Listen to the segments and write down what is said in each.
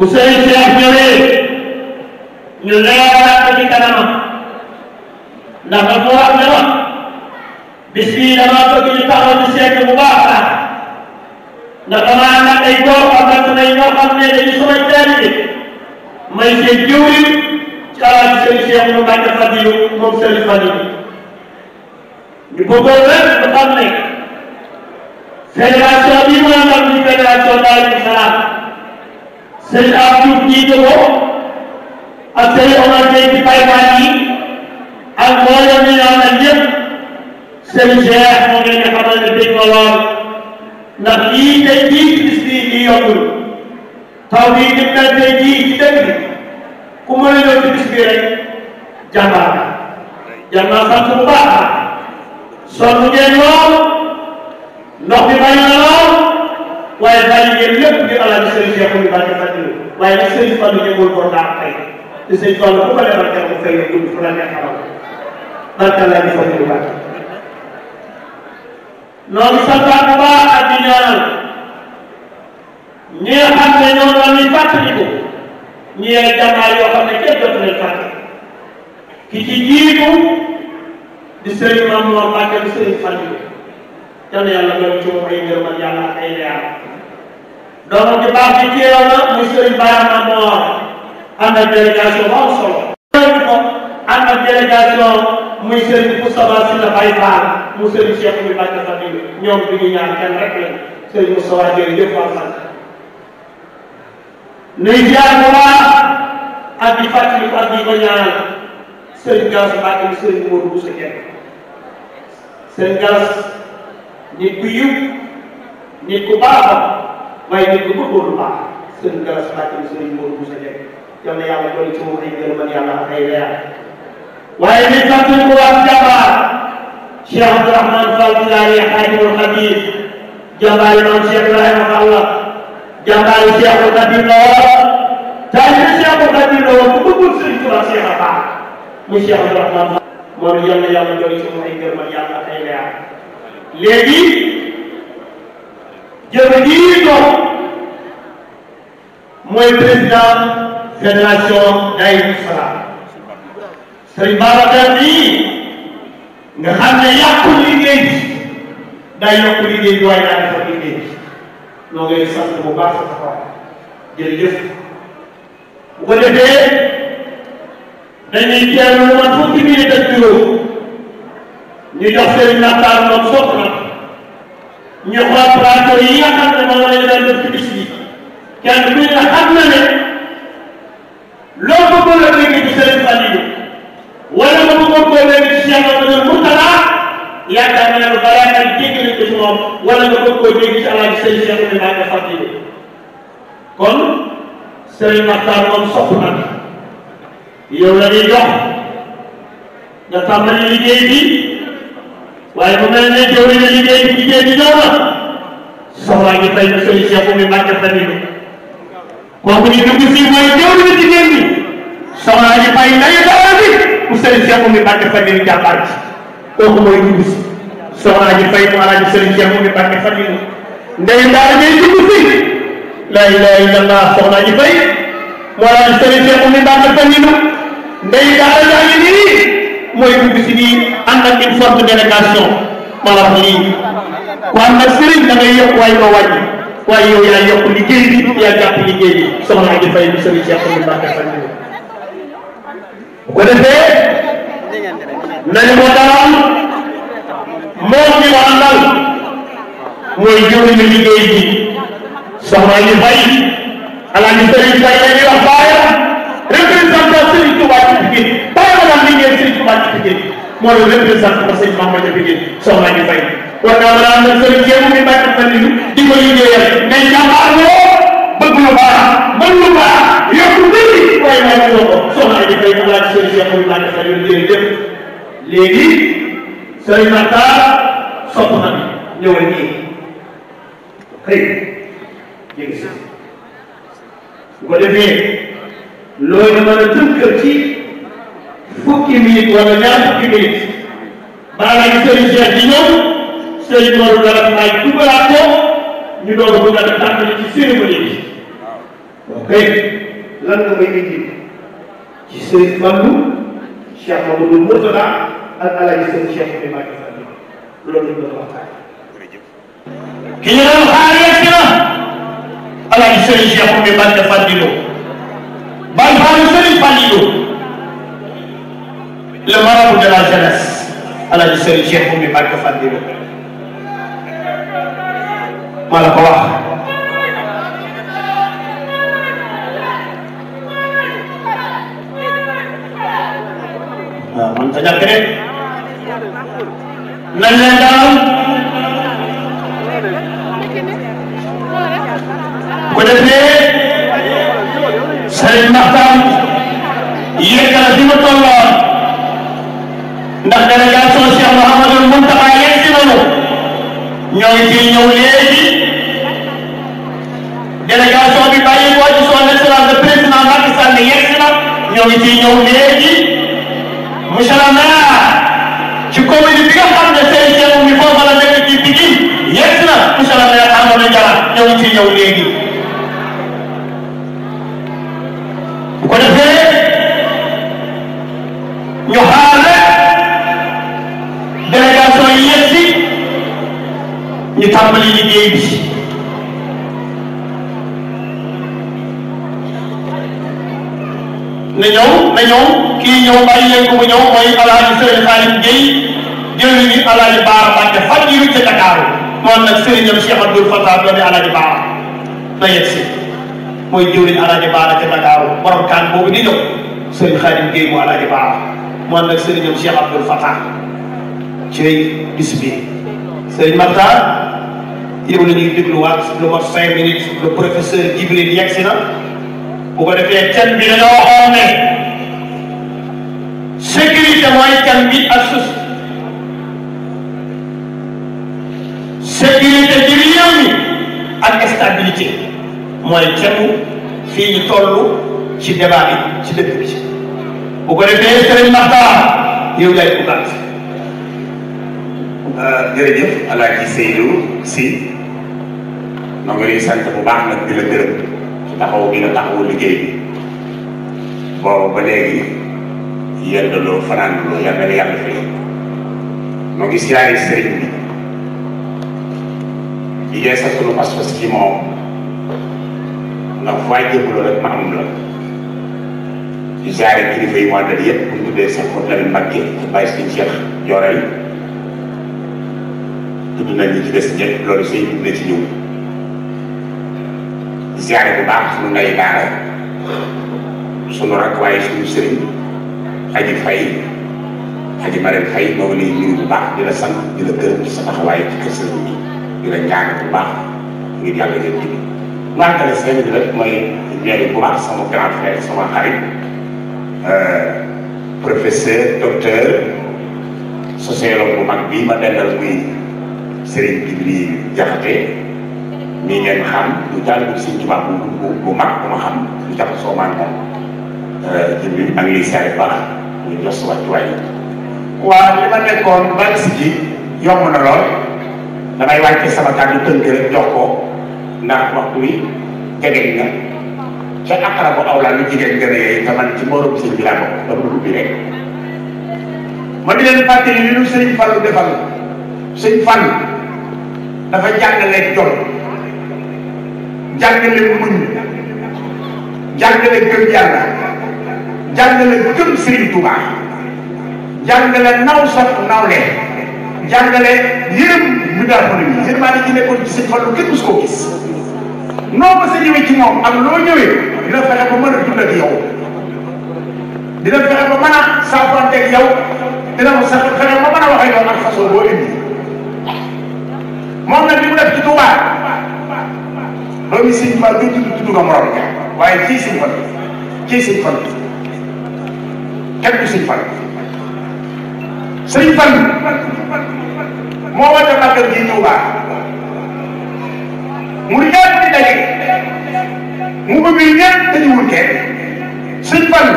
bu sëñ Cheikh ñëwee ñu leeral ko ci kanamam ndax dafa wax ne wax bis bii dama bëgg ñu taxaw di seet bu baax ndax damaa am nag ay góor am nag nay ñoo xam ne dañu samay taalibe may seen jiwriñ kalaat seen Cheikh mu Mbàkke Fadilu moom seen Fadilu ñu bëggoon rek nga xam ne fédération bi mu am ñu fédération Daaru Salaam sëñ Abdou jiite ko ak sëñ Omar Gueye ci baykat yi ak mboolem ñu ñoo xam ne ñëpp seen Cheikh moom la ñu xamal ne dégg nga lool ndax lii jii ci bis bii taw bii lim jii ci dëkk bi ku mën a ñëw ci bis bi rek jàmbaar jàmbaar sant bu baax a sonn ngeen lool ndox bi bàyyi na lool waaye bàyyi ngeen lépp di alal di sëriñ Cheikh bi bàyyi fan yi waaye nag sëriñ Fallou ñëwul ko daax tey di sëriñ Fallou fu la neex xamal barka laa di fa ñu loolu santaat ba ak di ñaanal ñi nga xam ne ñoo doon ñu fàttaliku ñi ay jàmbaar yoo xam ne kenn dootu leen fàtte ki ci jiitu di sëriñ Mamour Mbacke di sëriñ Fallou yal na yàlla doon ci moom ay ngërëmal yàlla ay leer doomam di baax ci teew na muy sëriñ Bara Mamour am na délégation bu am solo. ànd ak délégation muy Serigne Moustapha Sylla Baye Fall mu Serigne Cheikh bi Mbacke Fadil ñoom bi ñu ñaan kenn rek lañ Serigne Moustapha jërëjëf waa sant nuy jaar bu baax ak di fàttali ko ak di ko ñaanal Serigne Gass Mbacke bi Serigne Modou Bousso Dieng Serigne Gass nit ku yiw nit ku baaxam waaye nit ku bëggoon baax Serigne Gass Mbacke bi Serigne Modou Bousso Dieng yal na yàlla doon ci moom ay gërëmal yàlla ay leer waaye di sant ko waa jàmbaar Cheikh Abdourahmane Fall Jilaani Xaadimul Xadim jàmbaar yi noonu Cheikh Ibrahima Fall jàmbaar yi Cheikhul Xadim la woon taalibe Cheikhul Xadim la woon bu bëggul mu Cheikh Abdourahmane Fall moom yal na jooy suñu ay gërëm ak yàlla ay leer léegi jërë jii toog mooy président fédération Daaru Salaam sëriñ Babacar nii nga xam ne yàqu liggéey bi day yokk liggéey bi waaye daa defar liggéey bi noo ngay sant bu baax a taxawaay jërëjëf bu ko defee dañuy teelu lu man fukki minute ak juróom ñu jox sëriñ na ñu xool plateau yi nga xam ne moom la ñu daan def ci bis bi kenn ku ne xam na ne loo bëgg la dégg ci sëriñ Fallou wala ba mu góorgóorloo ba ci yàlla dana mutala yaakaar naa ne balaa nga dégg nañ ko ci moom wala nga bëgg koo dégg ci alaaji sëriñ Cheikh ne maa nga fàttali kon sëriñ Maxtaar moom sopp na yow la ñuy jox nga tàmbali liggéey bi waaye bu mel ne jëw na liggéey bi liggéey bi ñëw na soxlaa ngi fay na sëriñ Cheikh bi maa nga fàttali kooku ñu dugg si mooy jëw na liggéey bi soxlaa ngi fay na Serigne Cheikh Oumy Mbacké Fadilou jàmbaar bi kooku mooy dugg si soxna ji fay mu alaaji Serigne Cheikh Oumy Mbacké Fadilou ndey daal ngay dugg si la ilaha illallah soxna ji fay mu alaaji Serigne Cheikh Oumy Mbacké Fadilou ndey daal yaa ngi nii mooy dugg si nii ànd ak une forte yaa yokk liggéey bi yaa jàpp liggéey bu ko defee nañu ko dalal moom mi ko àndal mooy jëriñu liggéey bi soxna yi fay alaaji sëriñ fay la ñuy wax baayam représentant sëriñ Tuubaa ci Pikine baayam la liggéey sëriñ Tuubaa ci Pikine moo doon représentant ko sëriñ Mame Badiane Pikine soxna yi fay war naa mën a àndal sëriñ jéem mi bàyyi ko fan yi di ko liggéeyal mais jàmbaar loo bëgg lu baax mën lu baax yokku bëri waaye laaj na ko soxna Aliou Faye mu laaj seen Cheikh muy laaj sa yoon jërëjëf léegi sëriñ Maxtaar sopp na ñëwal nii xëy jëg si bu ko defee loolu mën a tënkal ci fukki minute wala ñaar fukki minute maanaam sëriñ Cheikh di ñëw sëriñ Modou dara laaj dugalaat ko ñu doon bëgg a tàmbali ci cérémonie bi ok lan nga may indi ci Serigne Fallou Cheikh Mamadou Mourtada ak El Hadj Serigne Cheikh bi Macky Sall loolu lañ doon waxtaan. ki ñu doon xaar yegg na El Hadj Serigne Cheikh bi Macky Fallou Baye Fallou Serigne Fallou le marabout de la jeunesse El Hadj Serigne Cheikh bi Macky Fallou maa la ko wax. waaw man sa ñàkk rek nañ leen daal ko defee Serigne Maxtaan yéegala bi ma tolloon ndax délégation Cheikh Mouhamadul Mountakha yegg si nañu ñoo ngi ciy ñëw léegi délégation bi bàyyi ko ci son excellence le président Macky Sall yegg si na ñoo ngi ciy ñëw monsieur le maire ci commune bi nga xam ne seen mi foofa la nekk ci Pikine yegg na monsieur le maire Amadou Diallo ñëw ci ñëw léegi bu ko defee ñu xaar rek délégation yi yegg si ñu tàmbali liggéey bi na ñëw na ñëw kii ñëw bàyyi leen ko mu ñëw mooy alaaji sëriñ Xaalim Gueye jëli ni alaaji Baara Mbàkke fan yi ci Dakar moom nag sëriñam Cheikh Abdoul Fatah doomi alaaji Baara na yegg si mooy jëwriñ alaaji Baara ca Dakar borom kaan boobu di ñëw sëriñ Xaalim Gueye mu alaaji Baara moom nag sëriñam Cheikh Abdoul Fatah ci bis bi sëriñ Makhtar yow la ñuy dégluwaat lu mat cinq minutes le professeur Djibril yegg si na bu ko defee thème bi dañoo waxoon ne sécurité mooy kan bi ak suuf sécurité ci réew mi ak stabilité mooy kenn fii ñu toll ci débat bi ci dëkk bi bu ko defee sëriñ Maxtaar yow yaay ko gàtt euh, jërëjëf Alaaji Si noo ngi lay sant bu baax nag di la ci taxaw gi nga taxawu liggéey bi boobu ba yendaloo fanaanaloo yal na la yàlla fay noo ngi siyaare sëriñ bi di yeesal sunu pas-pas ci moom ndax faa jébbaloo rek ma am la di siyaare yi mu àndal yëpp bu ñu sa ko tamit Mbàkke bàyyi suñu Cheikh Jorel tudd nañ ñi rakk waaye suñu sëriñ Xaji Fay Xaji Marème Fay moo ngi lay di la sant di la gërëm ci sa taxawaay kër sëriñ bi di la ñaan bu baax ngir yàlla ngeen jublu. wante nag sëriñ bi rek mooy njëriñ bu baax sama grand frère sama xarit euh, professeur docteur sociologue bu mag bii ma dendal muy Serigne Dibli Jaxate mii ngeen xam lu jàllale Sëriñ Tuubaa bu bu bu mag bu ma xam lu jaxasoo euh, maa moom. jërëjëf ak ñu jox sa wàccuwaay waaw li ma nekkoon ba si ji yomb na lool damay wàcce sama kàddu tënk rek jox ko ndax waxtu wi jegeñ na ca akara bu aw laa lu jigéen gën a yee man ci mbooloo bi sëñ bi laa bokk dama dugg bi rek ma di leen fàttali li ñu sëñ Fallu defal sëñ Fallu dafa jàngale jom jàngale muñ jàngale gëm yàlla jàngale gëm Serigne Touba jàngale naw sopp nawle jàngale yërëm ñu daal ko nii yërmaane ji nekkoon ci Serigne Fallou kenn mës koo gis noo ma sa ñëwee ci moom ak loo ñëwee dina fexe ba mën a dund ak yow dina fexe ba mën a saafanteeg yow dina ma sax fexe ba mën a wax ak yow ak façon boo indi moom nag li mu def ci Touba doomi Serigne Fall du tudd tudd nga morom waaye kii Serigne Fall kii Serigne Fall xel bi sëñ Fall sëñ Fall moo wàññi màggal gi ñëw baax mu ñëpp di daje mu bëgg ñëpp dañuy wut kenn sëñ Fall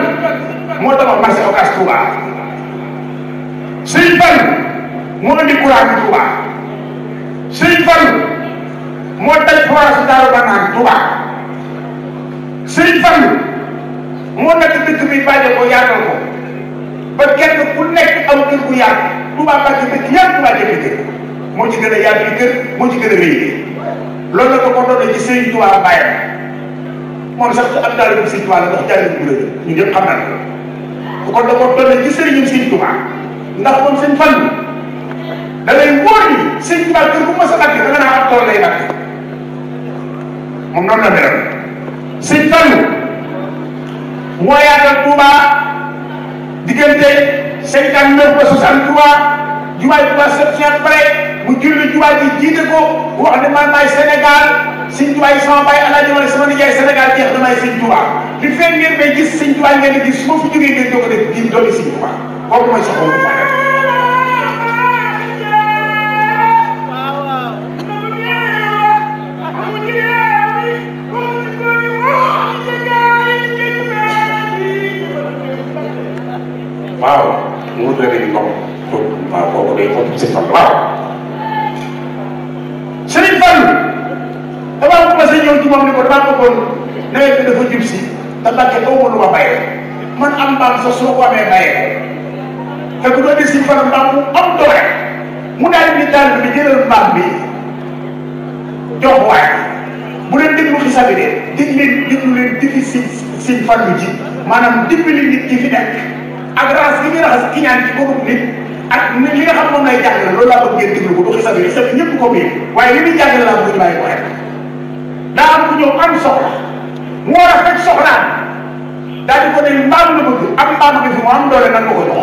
moo tabax marché Ocass Touba sëñ Fall moo indi courant bi Touba sëñ Fall moo taj forage su Daaru Banaan Touba sëñ Fall moo nekk dëkk bi bàyyi ko yaatal ko. ba kenn ku nekk am kër gu yàgg Touba Mbacké dëkk yàgg Touba Mbacké dëkk moo ci gën a yàgg di kër moo ci gën a rëy loolu la ko ko doon ci Sëriñ Touba bàyyam moom sax am daal bu Sëriñ Touba la ndax jaay bu la ñu ñëpp xam nañ ko kon da ko doon ci sëriñum Sëriñ Touba ndax moom sëñ fan da ngay wóor ni Sëriñ Touba kër bu mos a bàkk da nga naa ab tool lay bàkk moom noonu la meloon Sëriñ Fallu moo yaatal Touba diggante cinquante neuf ba soixante trois jumaay bu baax seen mu julli jumaay ji jiite ko bu wax ne man maay Sénégal sëñ Tuubaa sama baay Alaaji Maalik sama nijaay Sénégal jeex na maay sëñ Tuubaa li fekk ngeen may gis sëñ di gis su ma fi jógee ngeen jóg a def ji doole sëñ Tuubaa Sëñ Fall waaw Sëriñ Fall damaa commencé ñëw ci moom ni ko damaa bëggoon nawet bi dafa jub si te Mbàkke aw lu ma bayee man am mbaam sax amee bayee te bu doon di Sëñ Fall mbaam mu am doole mu daal di daal bi jëlal mbaam bi jox waay bu leen déglu xisaab bi de dig leen déglu leen difi si Sëñ Fallu ji maanaam dimbali nit ki fi nekk ak raxas gi ñu raxas ki ñaan ci boppam nit ak li nga xam moom lay jàngale loolu laa bëgg ngeen déglu ko du xisab yi xisab yi ñëpp ko miin waaye li muy jàngale laa bëgg ñu bàyyi ko xel daa am ku ñëw am soxla mu war a fekk soxlaan daal di ko ne mbaam la bëgg am mbaam bi fi mu am doole nan ma ko jox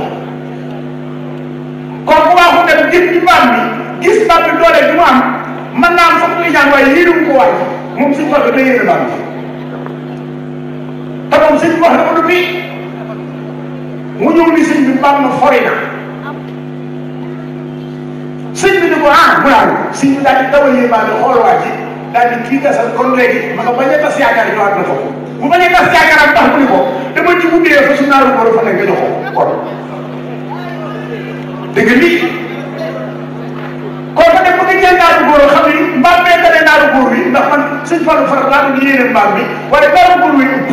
kon bu baaxul dem gis ci mbaam bi gis mbaam bi doole bi mu am mën naa am sax muy ñaan waaye lii ko waaj moom suñu xol bi day yéene mbaam bi te moom suñu wax dafa du bii mu ñëw ni sëñ bi mbaam na fori na sëñ bi ni ko ah mu naan sëñ bi daal di dawal yéemaane xool waa ji daal di kii tasal kon léegi ma nga bañ a tas yaakaar ñëwaat na ko bu bañ a tas yaakaar tax mu ni ko dama ci wuddee fa su naaru borom fa nekk nga jox ko kon dëgg lii koo fa dem ba nga jël naaru góor xam ni mbaam bee tane naaru góor bi ndax man sëñ Fallou Faral laa doon yéene mbaam bi waaye naaru góor bi upp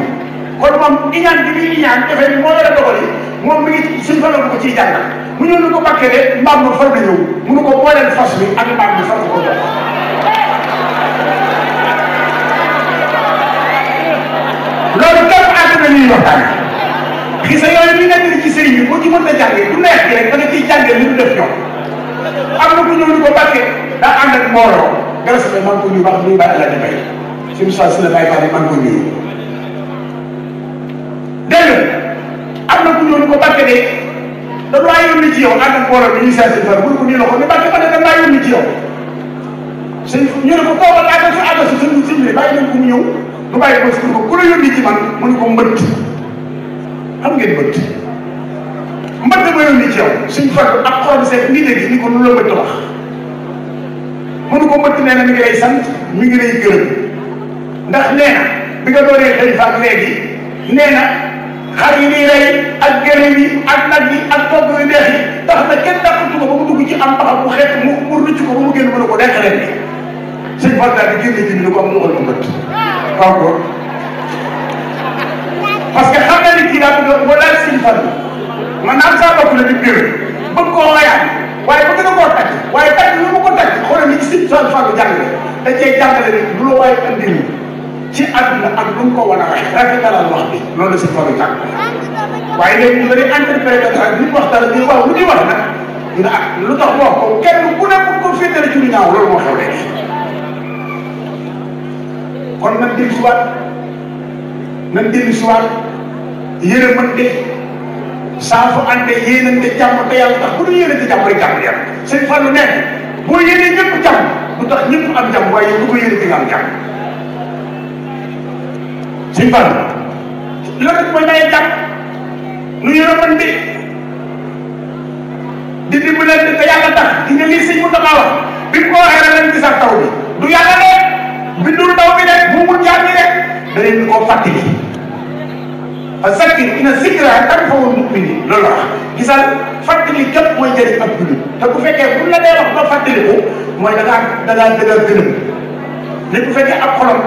kon moom iñaan gi muy iñaan dafay moo war a dogal yi moom mi ngi sëñ Fallou ko ciy jàngal mu ñëw ñu ko bàkkee de mbaam ma far na ñëw mu ne ko booleel fas bi ak mbaam mi far ko jox loolu tam àgg na ñuy ñu nekk ci sëriñ bi boo ci mën a jàngee bu neex bi rek mu def ñoom ko bàkkee daa man ko ñu wax ñu bàyyi la man ko ñëw dégg ko bàkkee de dañu laa yónni ci yow ànd ak mbooloo bi ñuy saa seen far bu ko nii la ko ne Mbàkke ma ne dañu laa ñu ne ko koobal àggal si ko mu ñëw du ko si ko ci man mu ne ko mbëtt xam ngeen mbëtt mbëtt ma yow sëñ far ak xool seet ngi dégg ko lu la mbëtt wax mu ne ko mbëtt nee na mi ngi lay sant mi ngi lay gërëm ndax nee na bi nga dooree xalifa léegi nee na xar yi nii rey ak gërëm yi ak nag yi ak togg yu neex yi tax na kenn dàqatu ko ba mu dugg ci am paxam mu xeet mu mu rëcc ko ba mu génn mën a ko lekk leen bi sëñ Fall daal di génne ji bi ni ko am mu xool mbët waaw ko parce que xam na ni kii daal doon boo laaj sëñ Fall man naan saa bopp la di biir bëgg koo layaat waaye bëgg na koo tàcc waaye tàcc lu mu ko tàcc xoolal ni ci sëñ Fall Fall jàngale da cee jàngale ni bu la waaye andil ci àdduna ak lu mu ko war a bi loolu la si tool yi tàggat waaye léegi ñu bëri interprétation ak li mu wax dara ñu wax lu ñu wax nag ñu ne ak ah, lu tax wax ko kenn ku ne ko féetale ci lu ñaaw loolu moo xew léegi. kon nañ dellu si waat nañ dellu si waat yërëmante saa su àndee yéenante jàmm te yàlla tax bu ñu yéenante jàmm rek jàmm yàlla sëñ Fallou nekk boo yéenee ñëpp jàmm du tax ñëpp suñ fan loolu rek mooy may jàpp nu yërëmante di dimbalante te yàlla tax di nga lii sëñ mu taxaw wax bi mu ko waxee rek ci sax taw bi du yàlla rek bindul taw bi rek bu mul jàmm rek da leen ko fàttali fa zakkir ina zikra tanfa'ul mu'minin loolu la wax gisal fàttali képp mooy jëriñ ab jullit te bu fekkee bu la dee wax ba fàttaliku mooy da ngaa da ngaa dëgër gënëm ne bu fekkee ab xolam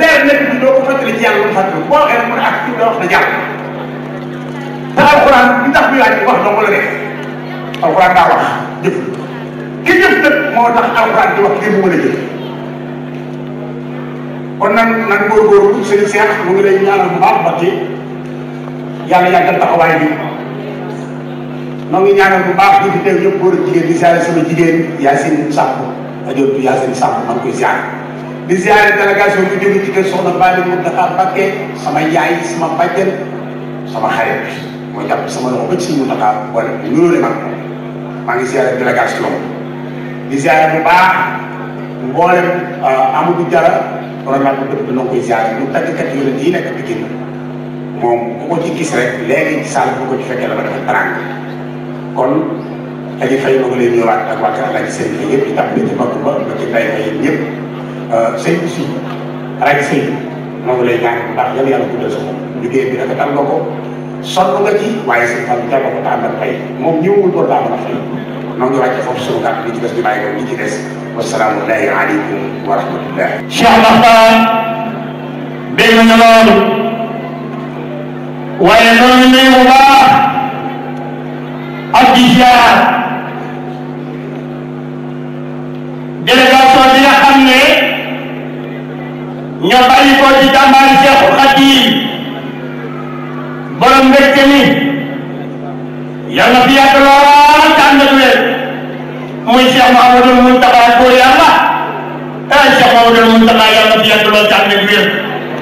leer nekk bi doo ko fàttali ci yàlla lu fàttali boo waxee mu ne ak kii da wax na jàll te alxuraan li tax ñu laaj wax dong la def alxuraan daa wax jëf ki jëf nag moo tax alxuraan di wax ngir mu mën a jëf kon nan nan góorgóorlu sëriñ Seex mu ngi lay ñaanal bu baax Mbakke yàlla yàggal taxawaay bi noo ngi ñaanal bu baax ñi fi teew yëpp góor ak jigéen di siyaare sama jigéen Yacine Samb rajo bi Yacine Samb maa ngi koy siyaare di ziare délégation bu jóge ci kër Soxna Bali Mountakha Mbacké sama yaay sama bàjjen sama xarit moo jàpp sama loxo ba ci suñu Mountakha wala ñu loolu mag maa ngi ziare délégation di ziare bu baax mboolem euh, Amadou Diarra problème bu dëpp dina koy ziare lu tàggkat yi yonent yi nekk Pikine moom ku ko ci gis rek léegi ci saal bu ko ci fekkee la ba dafa tànk kon aji fay ma ko leen ñëwaat ak waxtaan ak seen kii yëpp di tàmbali ci mbokk ba ba ci mbay mi ñëpp. sëñ bi si rajo sëñ bi moo ngi lay ñaan ndax yàlla yàlla guddal sa bopp liggéey bi rafetal nga ko sonn nga ci waaye sëñ Fall teel ko tàmbal tey moom ñëwul ko daal ndax ñoo ngi wàcce foofu suñu kàddu li ci des di bàyyi ko li ci des wasalaamu aleykum wa rahmatullah. Cheikh Makhtar dégg na loolu waaye noonu ne bu baax ak di ziar délégation bi nga xam ne. ñoo bàyyi ko ci jàmbaari Seexul Xadiim borom mbégte mi yal na fi yàgg lool tànn wér muy Cheikh Mahamadul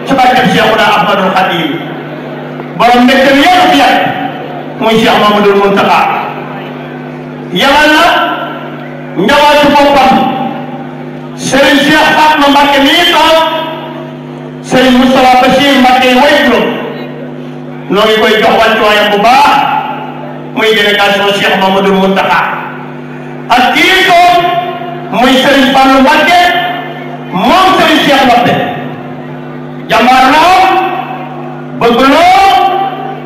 ci barkeb Seexuna Ahmadul Xadiim borom mbégte mi yal na fi yàgg muy Cheikh Mahamadul Muntaxa yàlla na njawaayu boppam Serigne Cheikh Fatma Serigne Moustapha Bachir Mbacké waytu noo ngi koy jox wàccuwaayam bu baax muy délégation Cheikh Mamadou Mountakha ak kii toog muy Serigne Fallou Mbacké moom Serigne Cheikh Mbacké jàmbaar la bëgg loo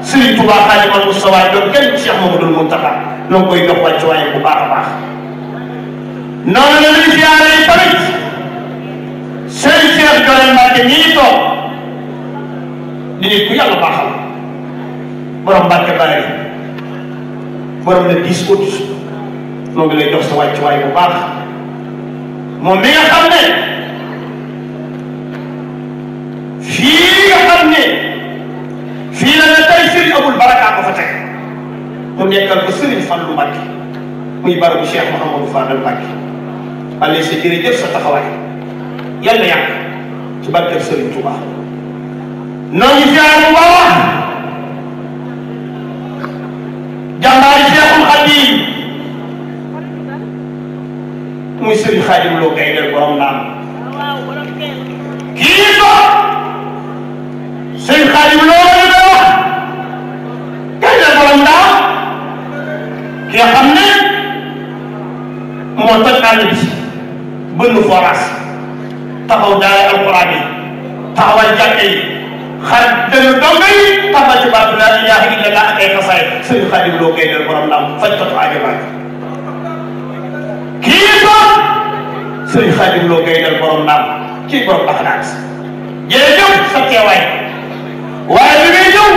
Serigne Touba Xaadimal Moustapha doon kenn Cheikh Mamadou Mountakha noo ngi koy jox wàccuwaayam bu baax a baax noonu la ñuy siyaare tamit Serigne Cheikh Jolène Mbacke ñi ñu ku yàlla baaxal borom Mbacke bàyyi borom le 10 août noo ngi lay jox sa wàccuwaay bu baax moom mi ne fii ne fii la ne tey Serigne Baraka ko fa teg mu nekkal ko Serigne Fallou Mbacke muy barabu Cheikh Mouhamadou Fadal Mbacke allez sa jërëjëf yàlla yàgg ci barkeb Serigne Touba noo ngi siyaare bu baax jàmbaari Cheikhul Khadim muy Serigne Khadim Lo Gaydel borom ndam kii ko Serigne Khadim Lo Gaydel borom ndam kii xam ne moo toj àll bënn forage taxaw daara alquran yi taxawal jàkka yi xarit dëgg dong yi taxawal ci baatu laa ilaaha illa llaah ak ay xasaay sëñ Xaadim loo koy del borom laam fajkatu aajo baa kii toog sëñ Xaadim loo koy del borom laam kii borom axlaaq jërëjëf sa teewaay waaye li ngay ñëw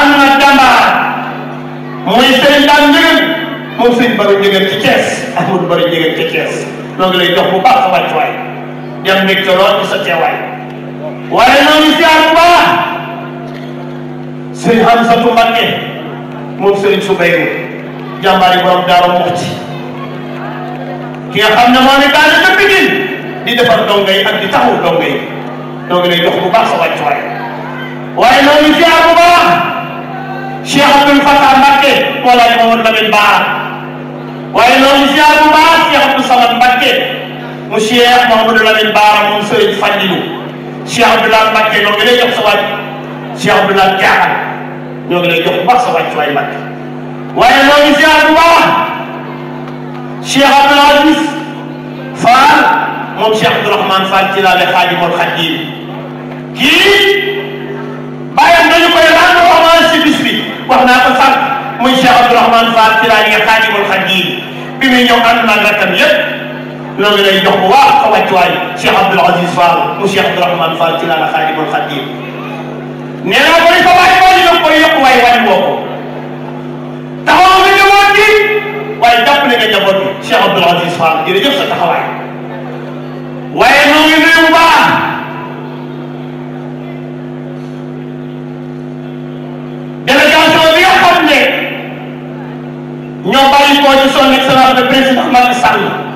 am na jàmbaar muy sëñ daan njëgën moom sëñ Baro njëgën ci Thiès Ahmadou Baro njëgën ci Thiès noo ngi lay jox bu baax sa wàccuwaay di am mbégte lool sa teewaay waaye noonu si àll ba sëriñ Hamsatu Mbakke moom sëriñ Subayru jàmbaari borom Daaru Muxti ki xam ne moo ne daal na Pikine di defar dongo yi ak di taxaw dongo yi dongo lay dox baax sa wàccuwaay waaye noonu si àll ba Cheikh Abdoul Fatah Mbakke moo laaj ma woon Lamine Ba waaye noonu si àll ba Cheikh Abdou Samad Mbakke. mu Cheikh Mouhamadou Lamine Baara moom Sëriñ Fàllilu Cheikh Abdoulaye Mbacke ñoo ngi lay jox sa wàcc Cheikh Abdoulaye Diakhal ñoo ngi lay jox bu baax sa wàcc waay Mbacke waaye ñoo ngi ziar bu baax Cheikh Abdoulaye Diouf Fall moom Cheikh Abdourahmane Fall ci laale Xaadimul Xadiim kii bàyyam dañu koy laaj ba xamal si bis bi wax naa ko sànq muy Cheikh Abdourahmane Fall ci laale Xaadimul Xadiim bi muy ñëw ànd naa rakkam yépp loolu lay jox bu baax a wàccuwaay Cheikh Abdoul Aziz Fall mu Cheikh Abdourahmane Fall ci laala Xaadimul Xaadim nee naa ko ni sa bàyyi boo ñu koy yëpp waaye wàññi woo ko taxaw nga njaboot gi waaye jàppale nga njaboot gi Cheikh Abdoul Aziz Fall jërëjëf sa taxawaay waaye ñoo ngi nuyu bu baax délégation bi nga xam ne ñoo bàyyi koo ci son excellence le président Macky Sall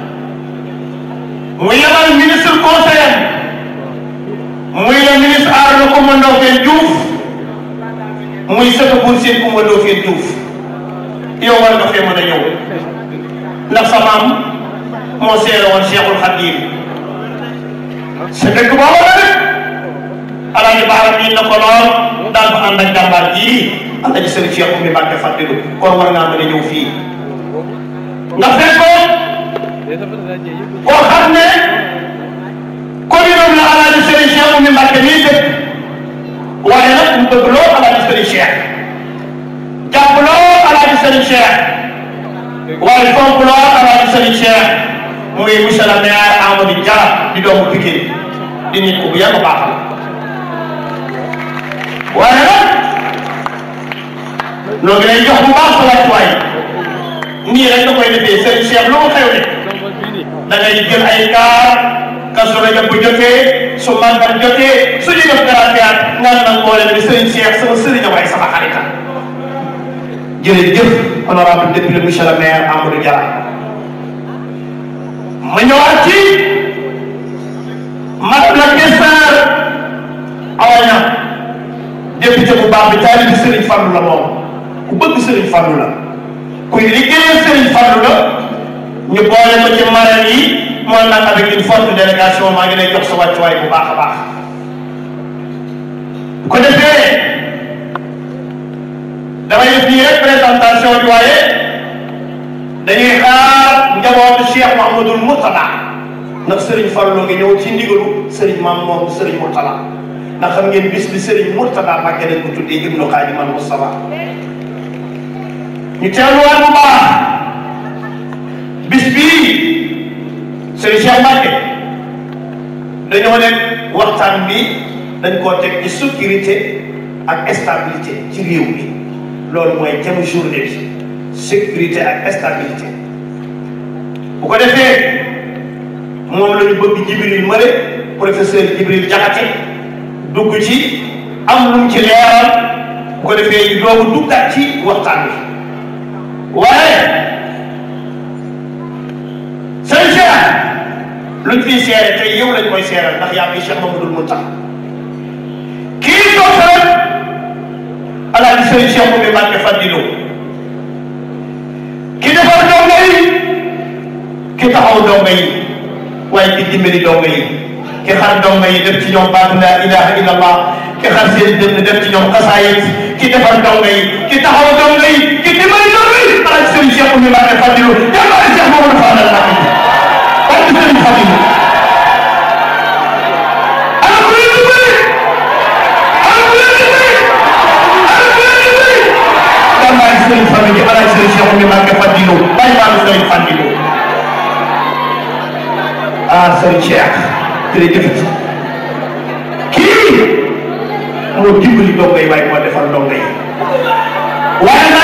mu yebal ministre conseiller muy le ministre Arona Coumba Ndoffène Diouf muy sëtu Buur Sine Coumba Ndoffène Diouf yow war nga fee mën a ñëw ndax sa maam moo seere woon Cheikhul Khadim sa dëkk boobu la rek alaaji baaram yi na ko lool daal fa ànd ak jàmbaar jii alaaji sëriñ Cheikh mi Mbàkke fàttilu kon war ngaa mën a ñëw fii ndax fekk koo xam ne commune la Alaaji Serigne Cheikh Oumy Mbacké nii dëkk loo Alaaji Serigne Cheikh jàpp loo Alaaji Serigne Cheikh waaye loo Alaaji Serigne Cheikh mu ngi monsieur le maire Amadou Dia di doomu Pikine di nit ku bu yàgg baax la waaye nag noo ngi lay nii rek nga koy defee seen Cheikh lu mu xewle da ngay jël ay kaar kasu rajab bu jotee su màggal jotee su ñu def garaatiyaat nga naan moo leen di sëriñ Cheikh sama sëriñ waaye sama xarita jërëjëf honorable député monsieur le maire Amadou Dia ma ñëwaat ci madame la ministre Awa Niang député bu baax bi taalibi Serigne Fallou la moom ku bëgg Serigne Fallou la. kuy liggéeyal Serigne Fallou la ñu boole ko ci maral yi moo nag avec une maa ngi lay jox sa wàccuwaay bu a baax bu ko defee damay def nii rek présentation bi waaye dañuy xaar njabootu Cheikh Mouhamadoul Mourtada ndax ngi ñëw ci ndigalu Serigne maam moom Serigne Mourtada ndax xam ngeen bis bi Serigne Mourtada màggee nañ ko tuddee Ibnu Xaadimal Mustafa ñu teewluwaat bu baax bis bii Serigne Cheikh waxtaan bi dañ koo teg ci sécurité ak stabilité ci réew mi loolu mooy thème journée bi sécurité ak stabilité bu ko defee moom la bëgg Jibril Mare professeur Jibril Jaxate dugg ci am lu mu ci leeral bu ko defee ñu doogu duggaat ci waxtaan bi waaye sëñ Cheikh luñ fiy seere tey yow lañ koy seeral ndax yaa ngi Cheikh Mamadou Mountakha kii toog rek alaaji sëñ Cheikh mu ngi Mbàkke Fadilu ki defar donga yi ki taxaw donga ki dimbali donga yi ki xar donga yi def allah ki xar seen dënn def ci ñoom ki defar donga ki taxaw donga sëriñ Cheikh Oumy Mbacké Fadilou jàmbaari Cheikh Mamadou Fadal laa ko barke sëriñ Fadilou jàmbaari sëriñ Fadilou jàmbaari sëriñ Cheikh Oumy Mbacké Fadilou bàyyi baalu sëriñ Fadilou ah sëriñ Cheikh jërëjëf kii moo dimbali dong yi waaye moo defal dong yi waaye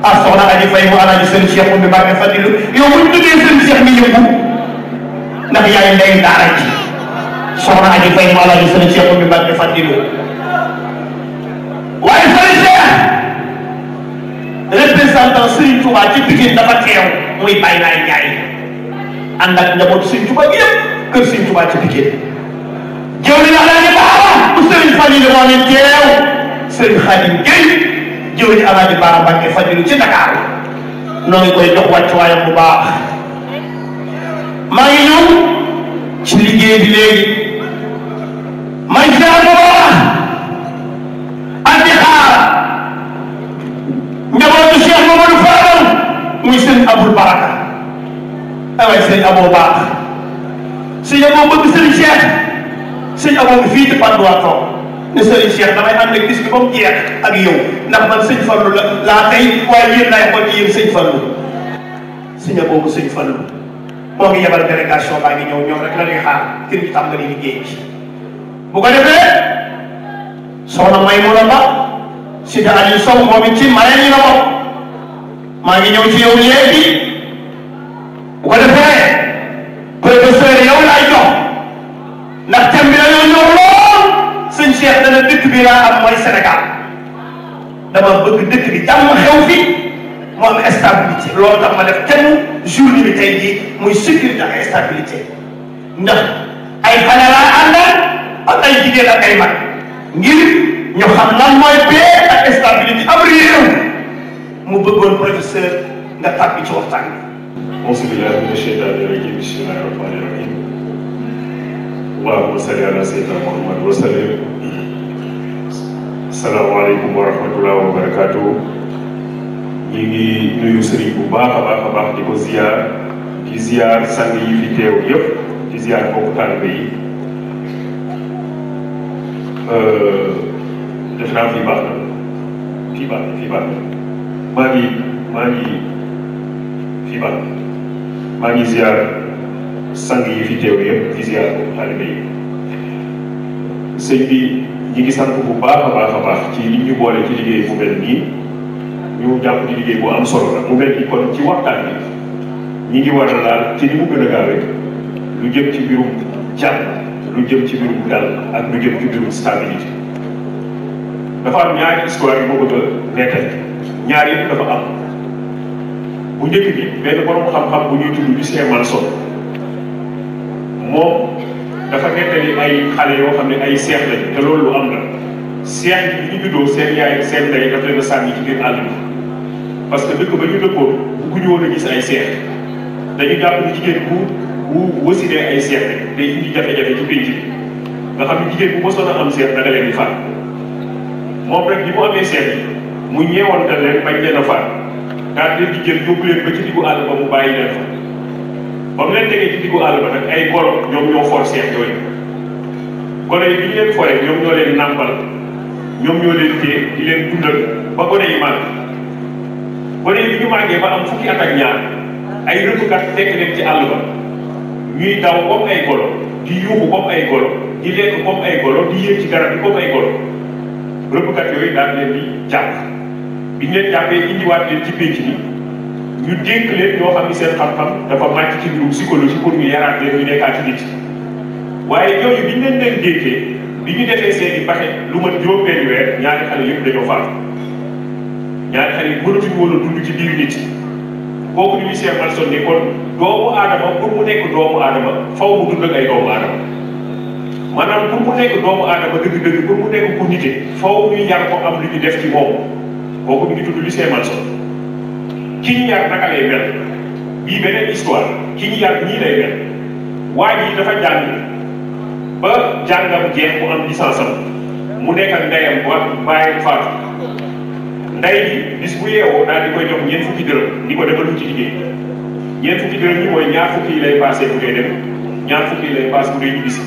ak soxna Aji Fay mu alaaji seen cheikh bi Mbàkke Fadilu yow bu ñu tuddee seen cheikh mi yëpp ndax yaay ndey daara ji soxna Aji Fay mu alaaji seen cheikh bi Mbàkke Fadilu waaye seen cheikh représentant Serigne Touba ci Pikine dafa teew muy Baye Laay Njaay ànd ak njaboot Serigne Touba gi yëpp kër Serigne Touba ci Pikine jëw li nga xam ne Baaba bu Serigne Fadilu moo ne teew Serigne Khadim Gueye jëwriñ Alaaji Baara Mbàkke Fadilu ci Dakar noo ngi koy jox wàccuwaayam bu baax maa ngi ñëw ci liggéey bi léegi maa ngi jaar bu baax ak di xaar njabootu Cheikh Mamadou Fadal muy sëñ Abdou Baraka away sëñ Abou Baax sëñ Abou bëgg sëñ Cheikh sëñ Abou bi fii ci Patte d'Oie toog ne Serigne Cheikh damay ànd ak bis bi ba mu jeex ak yow ndax man sëñ Fallou la laa tey waaye yéen laay xool ci yéen sëñ Fallou signé boobu sëñ Fallou moo ngi yebal délégation baa ngi ñëw ñoom rek la ñuy xaar ngir ñu tàmbali liggéey bi bu ko defee soxna may mu la ba si da Aliou Sow moom it ci marraine yi la bokk maa ngi ñëw ci yow léegi bu ko defee nag mooy Sénégal dama bëgg dëkk bi jàmm xew fi mu am stabilité loolu tax ma def kenn journée bi tey muy sécurité ak stabilité ndax ay xale laa àndal ak ay jigéen ak ay mag ngir ñu xam lan mooy paix ak stabilité am réew mu bëggoon professeur nga tàbbi ci waxtaan bi. auzu billaahi mina sheytaani rajiim bismillaahi rahmaani rahiim. allahumma salli ala sayyidina Muhammad wa sallim salaamaaleykum wa rahmatulah wa barakaatu ñu ngi nuyu sëriñ bu baax a baax a baax di ko ziar di ziar sang yi fi teew yëpp di euh, def naa fii baax na fii baax na fii baax na maa ngi maa ngi fii baax na maa ngi ñi ngi sant bu baax a baax a baax ci li ñu boole ci liggéey bu mel nii ñu jàpp ci liggéey bu am solo la mu mel ni kon ci wax bi ñi ngi war a laal ci li mu gën a gaawee lu jëm ci mbirum jàll lu jëm ci mbirum dal ak lu jëm ci mbirum stabilité dafa am ñaar histoire yu ma bëgg a nekkal ñaar yëpp dafa am bu njëkk bi benn borom xam-xam bu ñuy tudd Lucien Malson moom dafa nettali ay xale yoo xam ne ay seex lañ te loolu lu am la seex bi ñu juddoo seen yaay seen ndey daf leen a sànni ci biir àll bi parce que dëkk ba ñu dëkkoon bugguñu woon a gis ay seex dañu jàpp ni jigéen bu bu wasidee ay seex rek indi jafe-jafe ci pénc bi nga xam ne jigéen bu mosoon a am seet danga leen di moom rek bi mu amee seet yi mu ñeewal leen bañ leen a faat daal leen di jël leen ba ci diggu àll ba mu bàyyi leen fa ba mu leen tegee ci diggu àll ba nag ay golo ñoom ñoo for seex yooyu gone yi bi ñu leen foree ñoom ñoo leen nàmpal ñoom ñoo leen téye di leen dundal ba gone yi màgg gone yi bi ñu màggee ba am fukki at ak ñaar ay rëbbkat fekk leen ci àll ba ñuy daw comme ay golo di yuuxu comme ay golo di lekk comme ay golo di yéeg ci garab bi comme ay golo rëbbkat yooyu daal leen di jàpp bi ñu leen jàppee indiwaat leen ci pénc bi ñu dénk leen ñoo xam ni seen xam-xam dafa màcc ci mbirum psychologie pour ñu yaraat leen ñu nekkaat ci nit waaye yooyu bi ñu leen leen dénkee bi ñu defee seen i lu mat ñaari xale yëpp dañoo faatu yi mënatuñu woon a dund ci biir nit kooku ni Michel Malson ne kon doomu aadama pour mu nekk doomu aadama faw mu dund ak ay doomu aadama maanaam pour mu nekk doomu aadama dëgg-dëgg pour mu nekk ku nite faw ñu yar ko am lu ñu def ci moom kooku ñu ngi tudd Michel Malson ki ñu yar naka lay mel bii beneen histoire ki ñu yar nii lay mel waa ji dafa jàng ba jàngam jeex mu am licence mu nekk ak ndeyam ba bàyyi faatu ndey bi bis bu yeewoo daal di koy jox ñeent fukki dërëm ni ko defal lu ci liggéey ñeent fukki dërëm ñi mooy ñaar fukki yi lay passé bu dee dem ñaar fukki yi lay passé bu dee ñibbisi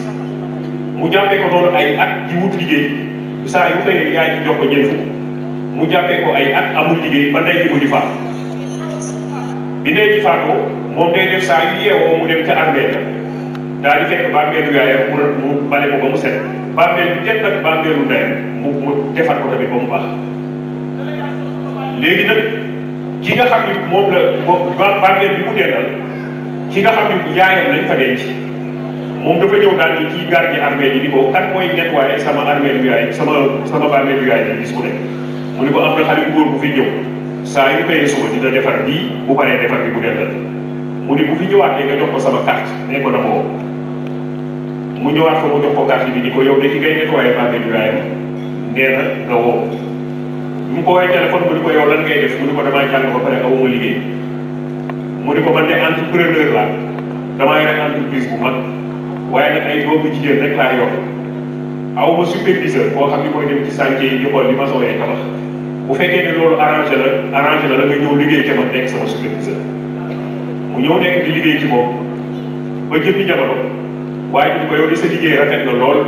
mu jàppee ko noonu ay at di wut liggéey saa yu xëyee yaay ci jox ko mu jàppee ko ay at amul liggéey ba ndey ji ko di bi dee ci faatu moom day def saa yu yeewoo mu dem ca armeel daal di fekk bàmmeelu yaayam mu mu bale ko ba mu set bàmmeel bi jot nag bàmmeelu ndeyam mu mu defar ko tamit ba mu baax léegi nag ki nga xam ni moom la moom bàmmeel bi mu dendal ki nga xam ni yaayam lañ fa denc moom dafa ñëw daal di kii gaar gi armeel yi di ko kan mooy nettoyé sama armeelu yaay sama sama bàmmeelu yaay bi gis ku mu ne ko am na xale bu góor bu fi saa yu soo di dina defar bii bu paree defar bi bu dem la mu ne bu fi ñëwaatee nga jox ko sama carte ne ko na ko mu ñëwaat ko mu jox ko carte bi ni ko yow de ci ngay nettoyé maa na nga woo mu ko woowee téléphone mu ni ko yow lan ngay def mu ko damaa jàng ba pare awuma liggéey mu ni ko man de entrepreneur la damaa yore entreprise bu mag waaye nag ay doomu jigéen rek laa yor awuma superviseur koo xam ni koy dem ci chantier yi di xool li ma soxlee tabax bu fekkee ne loolu arrangé la arrangé la la nga ñëw liggéey ca ma nekk sama superviseur nekk di liggéey ci moom ba jëmmi jamono waaye ñu ko yow di sa liggéey rafet na lool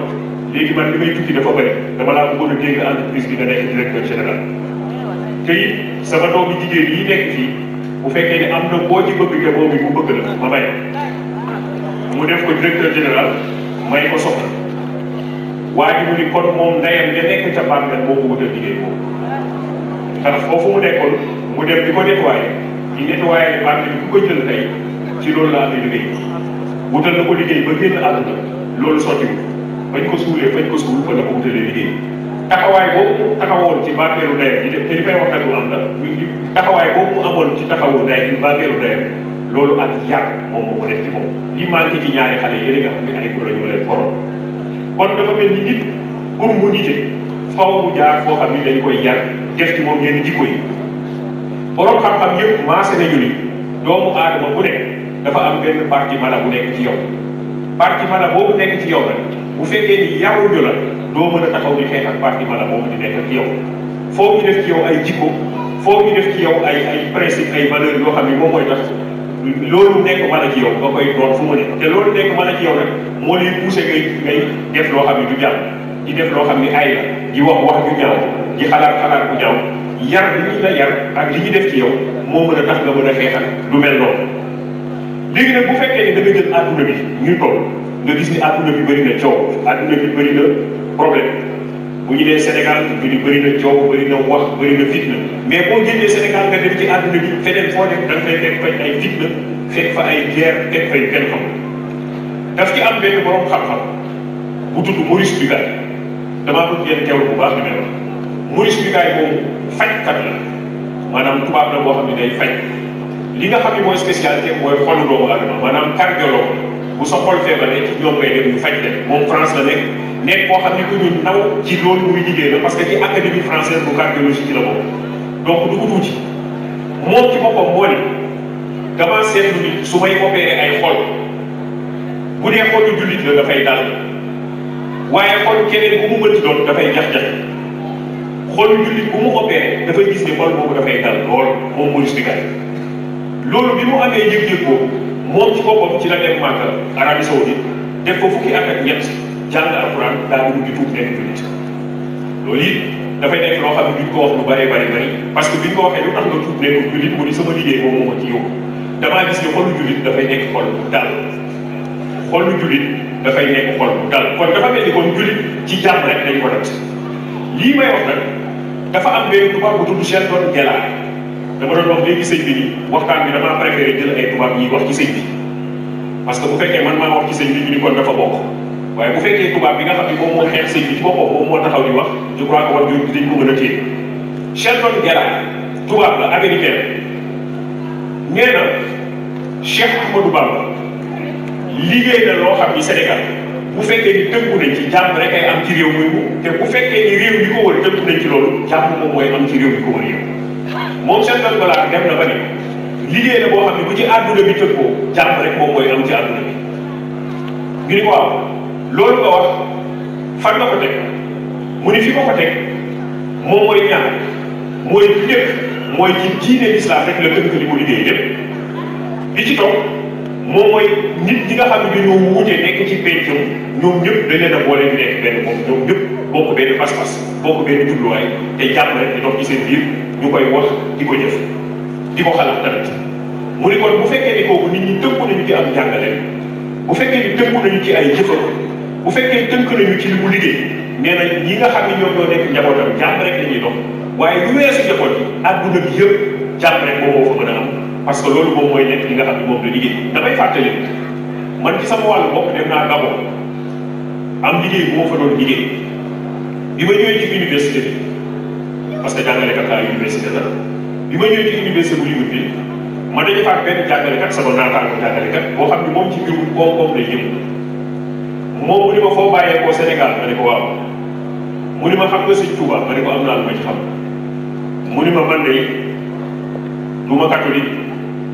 léegi man li may tukki dafa bëri dama laa bëggoon a dégg entreprise bi nga nekk directeur général te it sama doom bi jigéen yi nekk fii bu fekkee ne am na boo ci bëgg nga moom bi mu bëgg la ma may mu def ko directeur général may ko soxla waaye mu ni kon moom ndeyam da nekk ca bàmmeel moo ko bëgg a liggéey moom ndax foofu mu nekkoon mu dem di ko nettoyé di nettoyé ne bàmmeel bi ku ko jël tey ci loolu la amee liggéey wutal na ko liggéey ba génn àdduna loolu sotti bañ ko suulee bañ ko suul ba la ko wutalee liggéey taxawaay boobu mu taxawoon ci bàmmeelu ndeyam di def te li may wax nag lu am la taxawaay boobu mu amoon ci taxawu ndey ci bàmmeelu ndeyam loolu ak yàgg moom moo ko def ci moom li manqué ci ñaari xale yéen nga xam ne ay góor la ñu leen borom kon dafa mel ni nit pour mu nite faw mu jaar foo xam ni dañ koy yar def ci moom yenn jikko yi borom xam-xam yëpp a nañu ni doomu aadama bu nekk dafa am benn parti mala bu nekk ci yow parti mala boobu nekk ci yow nag bu fekkee ni yaruñu la doo mën a taxaw di xeex ak parti mala boobu di nekk ci yow foo ñu def ci yow ay jikko foo ñu yow ay ay principe ay valeur xam ni moom mooy tax loolu nekk mën a ci yow nga koy doon fu mu ne te loolu nekk mën a ci yow rek moo lay poussé ngay ngay def loo xam ne du jàll di def loo xam ne ay la di wax wax ju ñaaw di xalaat xalaat bu ñaaw yar li ñu la yar ak li ñu def ci yow moo mën a tax nga mën a xeexal lu mel noonu léegi nag bu fekkee ne da nga jël adduna bi ñuy toll nga gis ni adduna bi bëri na coow adduna bi bëri na problème bu ñu nee Sénégal ñu ni bëri na coow bëri na wax bëri na fitna mais boo génnee Sénégal nga dem ci àdduna bi feneen foo nekk da nga fay fekk fay ay fitna fekk fa ay guerre fekk fay benn xam daf ci am benn borom xam-xam bu tudd Maurice Bucaille damaa bëgg ngeen teewlu bu baax li may wax Maurice Bucaille boobu fajkat la maanaam tubaab la boo xam ne day faj li nga xam ne mooy spécialité mooy xolu doomu adama maanaam cardiologue bu sa xol feebaree ci ñoom ngay dem ñu faj leen moom France la nekk. nekk koo xam ne ku ñu naw ci loolu muy liggéey la parce que ci académie française bu cardiologie ci la bokk donc du tuuti moom ci boppam moo dama seetlu su may opéré ay xol bu dee dafay dal waaye xolu keneen bu mu mënti doon dafay jax-jax xolu jullit bu mu gis ne xol boobu dafay loolu bi mu amee yëg-yëg ci boppam ci la dem Màkka Arabie Saoudite def ko fukki at ak ñett jàng alquran daal di mujj tuub nekk jullit loolu it dafay nekk loo xam ne duñ ko lu bëree bëri bëri parce que bi ko waxee lu tax nga tuub nekk jullit mu ni sama liggéey moom moo ma ci yóbbu damaa gis ne dafay nekk xol bu dal xolu jullit dafay nekk xol bu dal kon dafa mel ni kon jullit ci jàmm rek dañ ko def lii may wax nag dafa am benn tubaab bu tudd Cheikh Gelaar dama doon wax léegi sëñ bi ni waxtaan bi damaa préféré jël ay tubaab yi wax ci sëñ bi parce que bu fekkee man waaye bu fekkee tubaab bi nga xam ne moom moo xeex sëñ bi ci moom moo taxaw di wax je crois que war nañu dañ ko mën a téye Sheldon Gerard tubaab la américain nee na Cheikh Ahmadou Bamba liggéey na loo xam ni Sénégal fekkee ni tënku nañ ci jàmm rek ay am ci réew mi te bu fekkee ni réew yi ko wër tënku nañ ci loolu jàmm moom mooy am ci réew yi ko wër yëpp moom Sheldon Gerard dem na ba ne liggéey na boo xam ne bu ci àdduna bi tënkoo jàmm rek moom mooy am ci àdduna loolu nga wax fan nga ko teg mu ni fi ko ko teg moom mooy ñaar mooy bi mooy ci diine lislaam rek la tënk li mu liggéey lépp li ci topp moom mooy nit ñi nga xam ne dañoo wuute nekk ci pencum ñu nekk benn moom ñoom ñëpp bokk benn pas-pas bokk benn jubluwaay te jàpp rek di dox ci seen biir ñu koy wax di ko jëf di ko xalaat tamit mu ni bu fekkee ni kooku nit ñi tënku nañu ci am njàngale bu fekkee ni tënku nañu ci ay jëfam bu fekkee tënk nañu ci li mu liggéey nee na ñi nga xam ne ñoom ñoo nekk njabootam jàmm rek la ñuy waaye lu weesu njaboot yi àdduna bi yëpp jàmm a am parce que loolu moom mooy nekk li nga xam ne moom la liggéey damay fàttali man ci sama wàllu bopp dem naa Gabon am bi ma ñëwee ci université bi parce que jàngalekat laa université dara bi ma ñëwee ci université bu Libreville bi ma daje fa ak benn jàngalekat sama naataango jàngalekat boo xam ne moom ci mbirum koom-koom lay yëngu moom mu ni ma foo bàyyeekoo Sénégal ma ne ko waaw mu ma xam nga sëñ Touba ma ne ko am naa lu ci xam mu ma man de du ma catholique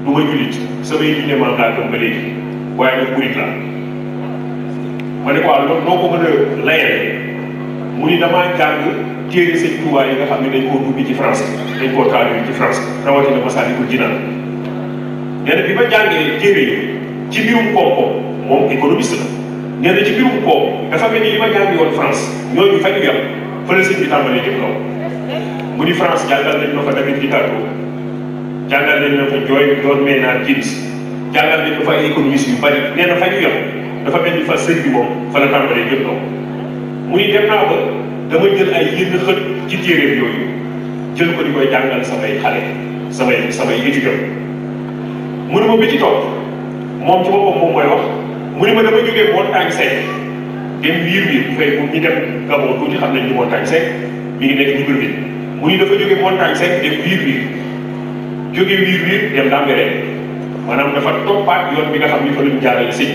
du ma jullit samay diine man laa gëm ba léegi waaye nag murit laa ma ne ko waaw noo ko mën a layee mu ni damaa jàng téere sëñ Touba yi nga xam ne dañ koo dubbi ci France dañ koo traduire ci France rawatina Masaalikul Jinaan nee na bi ma jàngee téere yi ci mbirum koom-koom moom économiste la nee ci biiru kooku nga xam ne ni ma jàngi woon France ñooñu fa ñu yem fële sëñ bi tàmbalee diplôme mu di France jàngal nañ ma fa tamit dictato jàngal nañ ma fa di doon mee jàngal nañ fa ay économistes yu bari nee na fa ñu dafa mel ni fa sëñ bi moom fa la tàmbalee diplôme mu ni dem naa ba dama jël ay yenn ci téeréem yooyu jël ko di ko jàngal samay xale samay samay étudiants mënuma bi ci topp moom ci boppam moom mooy wax mu ne ma dama jógee montagne sec dem wiir wiir bu fay ñu dem Gabon tuuti xam nañ ni montagne sec mi ngi nekk bi mu ni dafa jógee montagne sec dem wiir maanaam dafa toppaat yoon bi nga xam ni fa lañ jaarale sëñ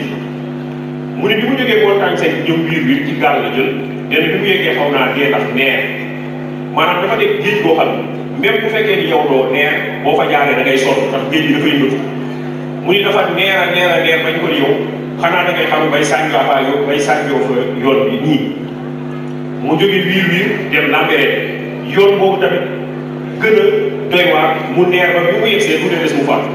mu ne bi mu jógee montagne sec bi mu yeggee xaw naa dee ndax maanaam dafa nekk géej boo xam même bu fekkee ni yow doo neer boo fa jaaree da ngay sonn ndax géej gi dafay yëngatu mu ni dafa neer a neer a neer bañ ko ni yow xanaa da ngay xam bay sànjaataa yo bay sànjoo fa yoon bi nii mu jóge wiir wiir dem lambee yoon boobu tamit gën a doy mu neer ba bi mu yegsee bu ne mu faatu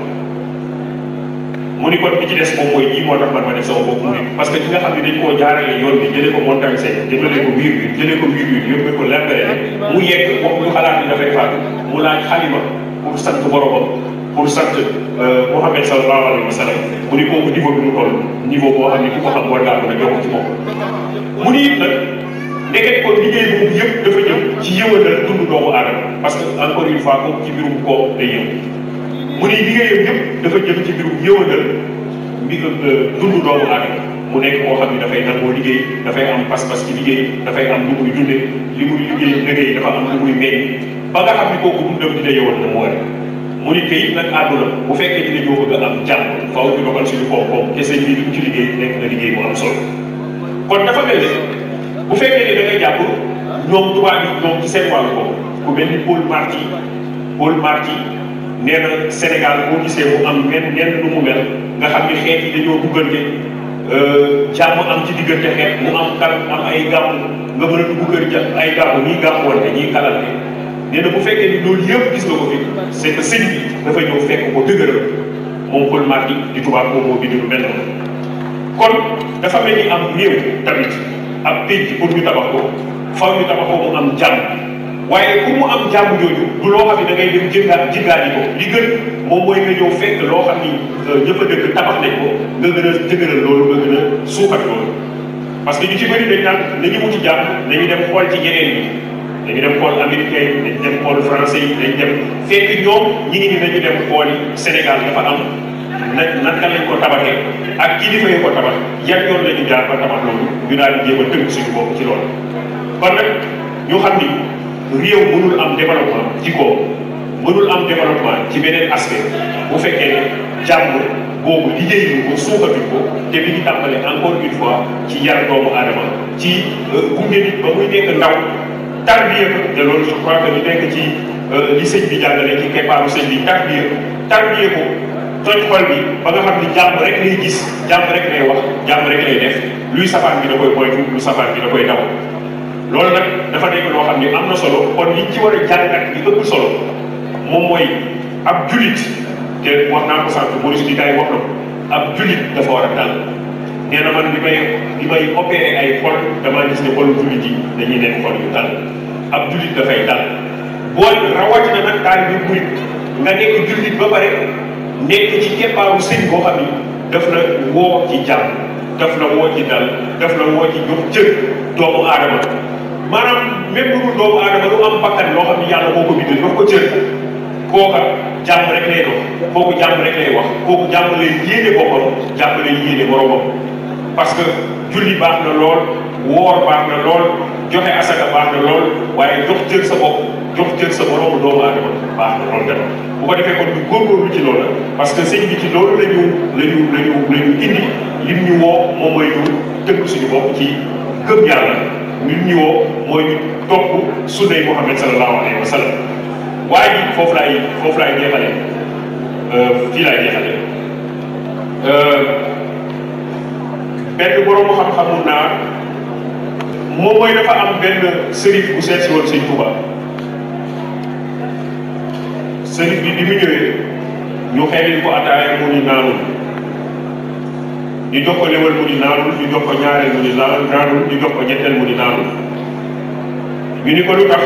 mu ni kon bi ci des moom mooy lii moo tax man ma def sama parce que ki nga xam ne dañ koo jaarale yoon bi jëlee ko montagne sec jëlee ko wiir wiir jëlee ko wiir wiir mu yegg moom lu xalaat ni dafay faatu mu laaj xalima pour sant boromam pour sant euh, Mouhamed sallallahu alayhi wa sallam mu ni kooku niveau bi mu toll niveau boo xam ne ku ko xam war ngaa ko def yokk ci moom. mu ni nag ndeket ko liggéey bi moom yëpp dafa ñëw ci yëwalal dundu doomu aadama parce que encore une fois ko ci mbirum koom day yëw mu ni liggéeyam yëpp dafa jëm ci mbirum yëwalal mbi euh, dundu doomu aadama mu nekk koo xam ne dafay nangoo liggéey dafay am pas-pas ci liggéey dafay am lu muy dunde li muy liggéey liggéey dafa am lu muy meññ ba nga xam ni kooku dundam dina yëwal na mu war mu ni këyit nag àdduna bu fekkee ni dañoo bëgg a am jàmm faaw ñu dogal suñu koom-koom te sëñ bi ci liggéey nekk na liggéey bu am solo kon dafa mel bu fekkee ni da ngay jàpp ñoom tubaab yi ñoom ci seen wàllu bopp ku mel ni Paul mu am nen euh, am ci diggante xeet ay gàmm nga mën a dugg kër ja ay gàmm ñuy gàmmoonte ñuy kalante. nee na bu fekkee ni loolu yëpp gis nga ko fi c'est que sëñ bi dafa ñëw fekk ko dëgëral moom Paul Marty di tubaab moom moo bind lu mel dafa mel ni am réew tamit ab pénc ko faw ñu tabax ko mu am jàmm waaye ku mu am jàmm jooju du loo xam ne da ngay dem ko gën moom mooy nga ñëw fekk loo xam euh, dëkk tabax nañ ko nga gën a dëgëral loolu nga gën a suuxat loolu parce que ñu ci bëri dañ naan nañu wuti jàmm nañu dem xool ci yeneen yi dañu dem xool américain yi dañu dem xool français yi dañu dem fekk nañu dem xool Sénégal dafa am na naka ko tabaxee ak kilifa yi ko tabax yan yoon la ñu jaar ba tabax loolu ñu daal di jéem a tënk suñu bopp ci loolu. kon nag ñu xam ni réew mënul am développement ci ko mënul am développement ci beneen aspect bu fekkee ne jàmm boobu liggéeyuñu ko suuxatuñ ko te bi ñu tàmbalee encore une fois ci yar doomu aadama ci euh, gunge nit ba muy nekk ndaw. tarbiya ko te loolu je crois que ñu nekk ci euh, li sëñ bi jàngale ci keppaaru sëñ bi tarbiya ko tarbiya ko toj xol bi ba nga xam ni jàmm rek lay gis jàmm rek lay wax jàmm rek lay da koy moytu lu da koy daw loolu nag dafa nekk loo xam ni am na solo kon liñ ci war a jàngat li ëpp solo moom mooy ab julit te wax naa ko sànq Maurice Dikaye wax na ab julit dafa war a dal nee na man li may li may opéré ay xol damaa gis ne xolu jullit yi dañuy nekk xol yu dal ab jullit dafay dal booy rawatina nag daal bi muy nga nekk jullit ba pare nekk ci keppaaru sëñ boo xam ni daf la woo ci jàmm daf la woo ci dal daf la woo ci jox cër doomu aadama maanaam même aadama lu am bakkan loo xam ni yàlla moo ko bind jox ko cër kooka jàmm rek lay dox kooku jàmm rek lay wax kooku jàmm lay yéene boppam jàmm lay yéene boromam parce que julli baax na lool woor baax na lool joxe asaka baax na lool waaye jox jël sa bopp jox jël sa moromu doomu aadama baax na lool tamit bu ko defee kon ñu góorgóorlu ci loolu parce que sëñ bi ci loolu la ñu la ñu la ñu la ñu indi lim ñu woo moom mooy ñu tënk suñu bopp ci gëm yàlla lim ñu woo mooy ñu topp sunnay Muhammad sallallahu alayhi wa sallam waaye ji foofu laay foofu laay jeexale euh, fii laay jeexale euh, benn borom xam-xamu naar moom mooy dafa am benn sëriñ bu seet si woon sëñ bi bi mu ñëwee ñu xeelil ko ataaya mu ni naanul ñu jox ko lewal mu ni naanul ñu jox ko ñaareel mu ni naanul ñu ñu ni ko lu tax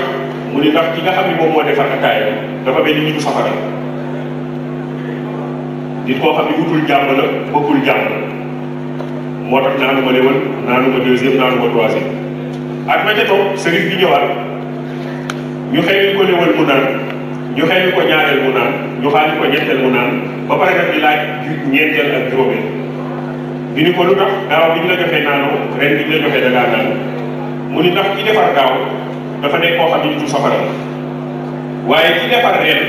mu ni ndax ki nga xam ne moom moo defar ataaya dafa mel ni ñu safara nit koo xam ne wutul jàmm la bëggul jàmm moo tax naanu ma léwal naanu ma deuxième naanu ma troisième ak ma ca toog bi ñëwaat ñu xëy ko léwal mu naan ñu xëy ko ñaareel mu naan ñu xaali ko ñetteel mu naan ba pare daf di ñeenteel ak juróomeel bi ni ko lu tax daaw bi ñu la joxee naanoo ren bi ñu la dangaa naan mu ni ndax ci defar daaw dafa nekkoo koo xam ne nitu safara waaye ci defar ren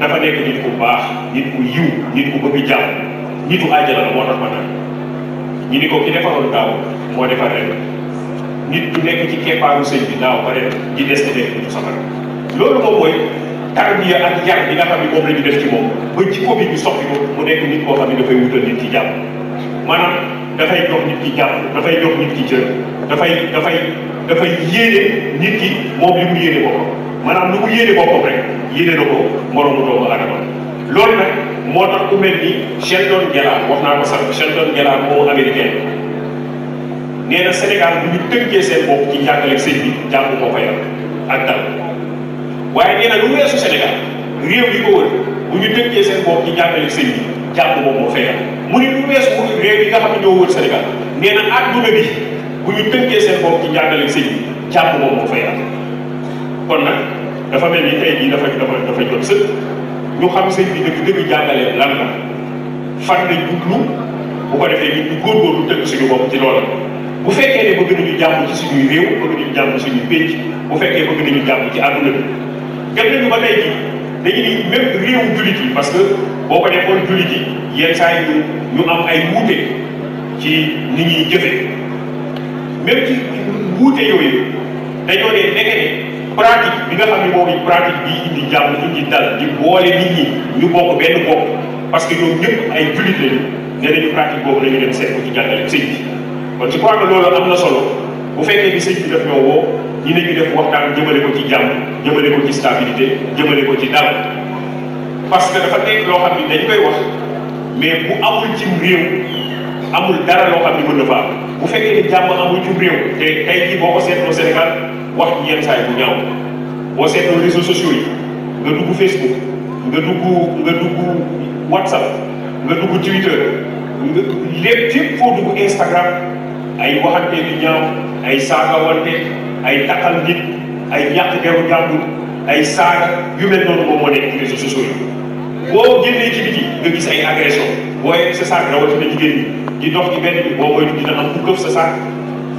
dafa nekk nit ku baax nit ku yiw nit ku bëgg jàmm nitu àjjana la moo tax ma naan ñu ni ko ki defaroon daaw moo defar ren nit du nekk ci keppaaru sëñ bi daaw ba ren ñi des di nekk ñu safara loolu moom mooy tarbiya bi yaa xam ne moom la ñu def ci moom ba ci ko bi ñu soppi mu nekk nit koo xam ne dafay wutal nit ci jàmm maanaam dafay jox nit ki jàmm dafay jox nit ki cër dafay dafay dafay yéene nit ki moom li mu yéene boppam maanaam lu mu yéene boppam rek yéene na ko moroomu doomu adama loolu nag moo tax ku mel ni Sheldon Gellar wax naa ko sax Sheldon Gellar moo américain nee na Sénégal bu ñu tënkee seen bopp ci njàngale bi jàpp moo ko yar ak dal waaye nee na bu seen bopp ci moom moo fa yar mu ne lu weesu réew yi nga xam ne ñoo wër Sénégal nee na àdduna bi bu ñu tënkee seen bopp ci njàngale sëñ bi jàpp moom moo fa yar kon nag dafa mel ni tey jii dafa dafa dafa jot sëkk ñu xam sëñ bi dëgg dëgg jàngale lan la fan la jublu bu ko defee nit ñu góorgóorlu tëgg suñu bopp ci loolu bu fekkee ne bëgg nañu jàmm ci suñuy réew bëgg nañu jàmm suñuy pénc bu fekkee bëgg ci àdduna bi gën nañu ba tey ji dañu ni même réewu jullit yi parce que boo ko defoon jullit yi yenn saa yi ñu am ay wuute ci ni ñuy jëfe même ci wuute yooyu dañoo ne nekkee pratique bi nga xam ne boobu pratique bi indi jàmm indi dal di boole nit ñi ñu bokk benn bopp parce que ñoom ñëpp ay jullit lañu ne nañu pratique boobu la ñu dem seet ko ci jàngale sëñ bi kon solo bu fekkee bi sëñ bi def ñi ne ñu ko ci jàmm jëmale ko ci stabilité jëmale ko ci dal parce que dafa nekk loo xam ne dañ koy wax mais bu amul ci réew amul dara loo xam ne mën fa am bu fekkee ne jàmm amul ci réew te tey jii boo ko seetloo Sénégal wax yenn saa yi bu ñaaw boo réseaux sociaux yi nga dugg Facebook nga dugg nga dugg WhatsApp nga dugg Twitter nga lépp fépp Instagram ay waxante yu ñaaw ay saagawante ay takkal nit ay ñàkk deru ay saag yu mel noonu réseaux sociaux yi boo génnee ci biti nga gis ay agression boo yegg sa saag rawatina jigéen ñi di dox ci benn bi boo moytu dina am ku këf sa saag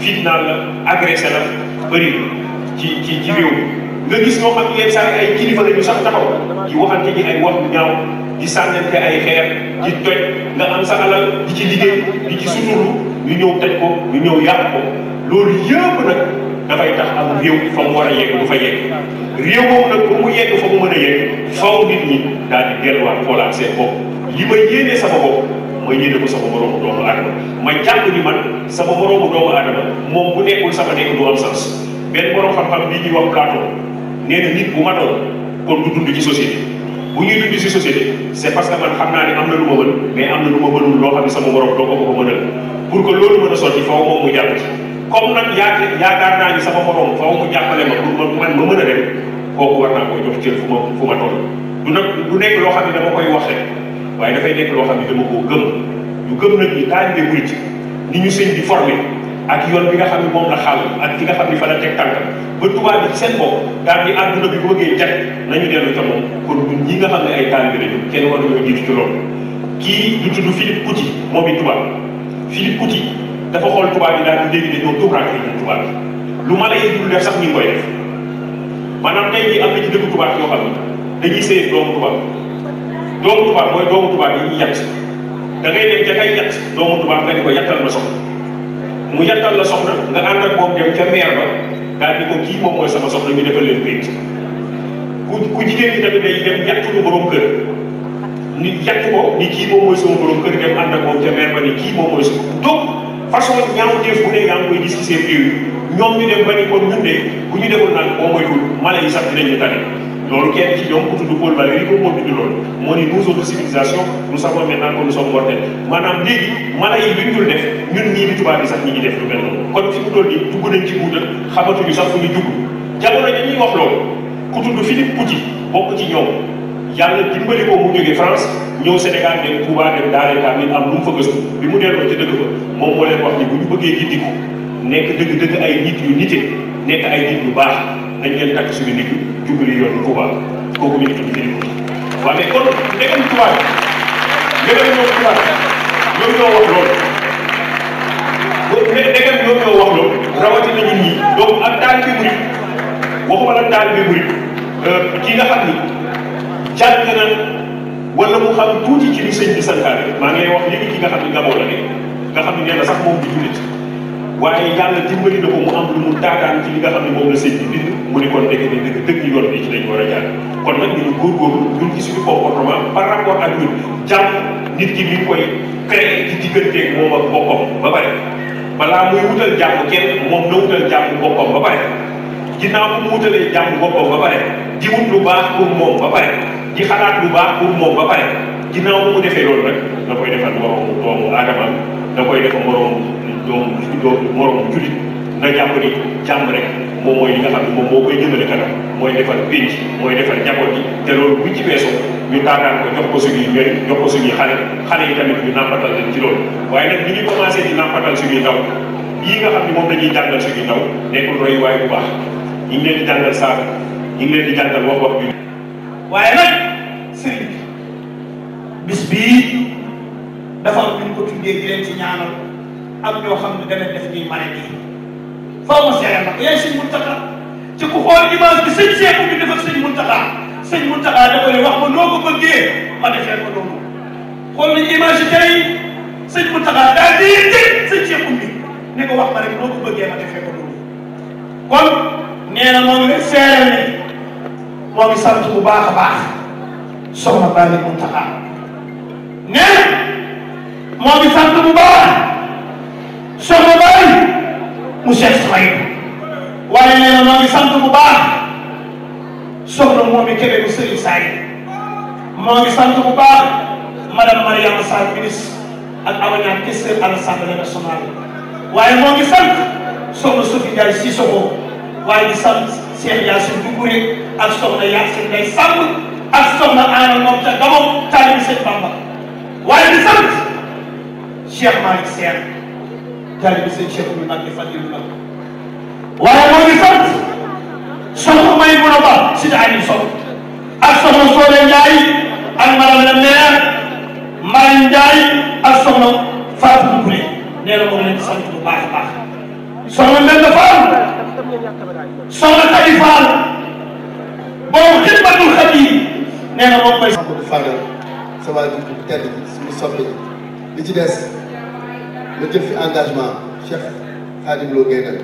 fitnaal la agressé la bëri ci ci ci réew nga gis moo xam yenn saa ay kilifa la ñu sax taxaw di waxante ci ay wax bu ñaaw di sànnante ay xeer di toj nga am sa alal di ci liggéey di ci suturu ñu ñëw toj ko ñu ñëw yàq ko loolu yëpp nag dafay tax am réew fa mu war a yegg du fa yegg réew moom nag ba mu yegg fa mu mën a yegg faw nit ñi daal di delluwaat xoolaat seen bopp li may yéene sama bopp ma yéene ko sama moroomu doomu aadama ma jàng ni man sama moroomu doomu aadama moom nekkul sama nekk du benn borom xam-xam bii ñuy wax Platon nee nit bu matoon kon du dund ci société bu ñuy dund ci société c'est parce que man xam naa ne am na lu ma mën mais am na lu ma mënul loo xam ne sama morom doo ko ko mënal pour que loolu mën a sotti faaw moom mu jàpp ci comme nag naa ni sama morom faaw mu jàppale ma pour man ma mën a dem kooku war naa koy jox cër fu ma fu ma toll du nekk loo xam ne dama koy wax rek waaye dafay nekk loo xam ne dama koo gëm ñu gëm nag ñu taalibe murit ni ñu sëñ bi formé ak yoon bi nga xam ne moom la xàll ak ki nga xam ni fa la teg tànkam ba tubaab bi seen bopp daal di àdduna bi ko bëggee jag nañu dellu ca moom kon ñun ñi nga xam ne ay taalibe lañu kenn war nañoo jiitu ci loolu kii ñu tudd Philippe Couti tubaab Philippe Couti dafa xool tubaab yi daal di lu mala yi dul def sax maanaam tey jii am na ci dëkk tubaab yoo xam ne dañuy sëy doomu tubaab doomu tubaab mooy doomu tubaab yi ñuy nga di ko yàttal ma soxla mu yàttal la soxna nga ànd ak moom dem ca meer ba daal di ko kii moom mooy sama soxna ñu defal leen pénc ku ku jigéen ñi dem yàtt lu borom kër nit yàtt ko ni kii moom mooy sama borom kër dem ànd ak moom ca meer ba ni kii moom mooy sama donc façon ñaawteef bu ne yaa ngi koy gis ci seen réew ñoom ñu dem ba ni ñun de bu ñu deful nag moom mooy wul mala dinañu tane loolu kenn ci ñoom ku tudd Paul Valéry ko moo tudd loolu moo ni nous autres civilisations nous savons maintenant sax ñi ngi def lu mel noonu mu sax fu ñu dugg jamono ji ñuy ku tudd Philippe ci ñoom yàlla dimbali ko mu jógee France ñëw Sénégal dem Touba dem Daaray Kaamil am lu mu bi mu delloo ci dëkk ba moom moo leen wax ni bu ñu bëggee gindiku nekk dëgg-dëgg ay nit yu nite nekk ay nit yu baax dañ leen takk suñu nit yu jubali yoonu Touba kooku mi ngi tudd Serigne Moussa waaye kon ndegam Touba bi ndegam ñoom Touba ñoom ñoo wax loolu boo ndegam ñoom ñoo wax loolu rawatina ñun ñii donc ak taalibe murid waxuma la taalibe murid euh, kii nga xam ni jàng na wala mu xam tuuti ci lu sëñ bi santaane maa ngi lay wax léegi ki nga xam ni Gabon la ne nga xam ni nee na sax moom du jullit waaye yàlla dimbali na ko mu am lu mu daataan ci li nga xam ne moom la sëñ bi bind mu ni kon nekk ni dëgg dëgg yoon bi ci lañ war a jaar kon nag ñu góorgóorlu ñun ci suñu comportement par rapport ak ñun jàmm nit ki mi ngi koy créé ci digganteeg moom ak boppam ba pare balaa muy wutal jàmm kenn moom na wutal jàmm boppam ba pare ginnaaw bu mu wutalee jàmm boppam ba pare di wut lu baax pour moom ba pare di xalaat lu baax pour moom ba pare ginnaaw bu mu defee loolu nag da koy defal doomu doomu aadama da koy defal moroom doomu doomu moroom jullit nga jàpp ni jàmm rek moom mooy li nga xam ne moom moo koy jëmale mooy defar pénc mooy defar njaboot bi te loolu buñ ci weesoo ñu taataan ko jox ko suñuy ñooy jox ko suñuy xale xale yi tamit ñu nàmpatal leen ci loolu waaye nag ñu ngi commencé di nàmpatal suñuy ndaw yii nga xam ne moom dañuy jàngal suñuy ndaw nekkul roy bu baax ñu ngi leen di jàngal saaga ñu ngi leen di jàngal wax wax bi waaye nag bis bii dafa am ñu ko tuddee di leen ci am ñoo xam ne dana def ñuy mare nii foo ma seere ma yaay sëñ Muntaxa ci ku xool image bi sëñ Seexu bi def ak sëñ Muntaxa sëñ Muntaxa dafa ne wax ma noo ko bëggee ma defee ko noonu xool nañ image tey sëñ Muntaxa daal di yëngu sëñ Seexu bi ne ko wax ma rek noo ko bëggee ma defee ko noonu kon nee na moom nga seere ne moo ngi sant bu baax a baax soxna Bally Muntaxa nee na moo ngi sant bu baax soxna Baay mu Cheikh Souhaïb waaye nee na maa ngi sant bu baax soxna moom i Kébé bu Serigne Saay maa ngi sant bu baax madame Mariama Sall ministre ak Amaña Kessel à l'Assemblée nationale waaye moo ngi sant soxna Sophie Ndiaye Sissoko waaye di sant Cheikh Yacine Dougouré ak soxna Yacine Ndiaye Samb ak soxna Anna moom ca Gamom taalim Sëñ Bamba waaye di sant Cheikh Malick Sène taalibe seen Cheikh bi Mbacke Fadil Mbacke waaye moo ngi sant soxna May mun a ba si da Aliou Sow ak soxna Soole Ndiaye ak madame la maire Mari Ndiaye ak soxna Fatou Koulé nee na moo leen sant bu baax a baax soxna mel na Fall soxna Khady Fall boobu xidmatul Khady nee na moom koy. Fadal sa waa ji tedd ji suñu soppe ji li ci des. nga jël fi engagement Cheikh Khadim Lo Gaynde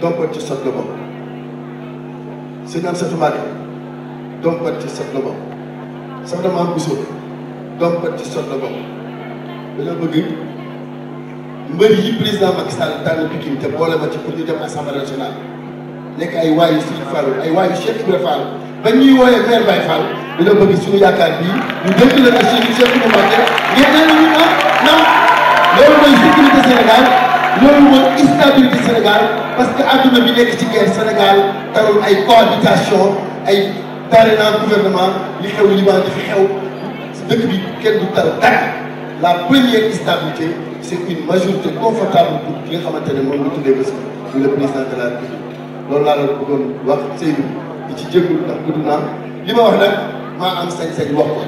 dompat ci sot la bokk sëñ am satu Mbàkke dompat ci sot la bokk soxna Maam Bousso dompat ci sot la bokk dañoo bëgg mbër yi président Macky Sall tànn Pikine boole ma ci pour ñu dem assemblée nationale nekk ay waayu Sëriñ Fall ay waayu Cheikh Ibra Fall ba ñuy wooyee maire Baye Fall dañoo bëgg suñu yaakaar bii ñu dégg la ak suñu chef de comité ngeen ne ñu ah non. loolu mooy sécurité Sénégal loolu mooy stabilité Sénégal parce que adduna bi nekk ci guerre Sénégal tarul ay cohabitation ay parrainage gouvernement li xew Liban li fi xew dëkk kenn du tal dara la première stabilité c' est une majorité confortable pour ki nga xamante ne moom la tuddee bés bi le président de la République loolu laa la bëggoon wax Seydou di ci jéggul ndax gudd naa li wax nag maa am sañ-sañ wax ko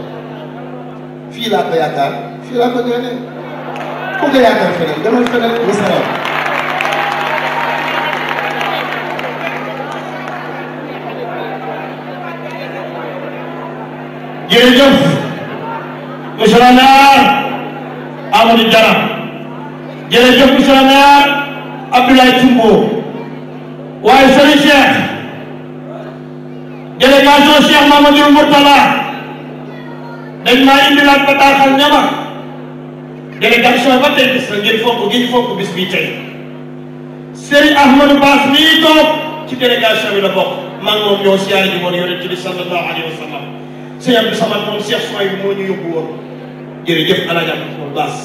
fii laa ko yaakaar fii laa ko ñaanee ku nga yaakaar feneen demal feneen wasalaam jërëjëf monsieur le maire Amadou Diarra jërëjëf monsieur le maire Abdoulaye Timbo waaye sëriñ Cheikh délégation Cheikh Mamadou Mourtala dañ maa indi laaj bataaxal ñama délégation ba tey gis na ngeen fonk gi ñu fonk bis bii tey Serigne Ahmadou Bass mii toog ci délégation bi la bokk maa ngi moom ñoo siyaare ji woon yonent bi sallallahu alayhi wa sallam sëñ Abdou Samad moom Cheikh Soy bi moo ñu yóbbu woon jërëjëf El Hadj Abdou Bass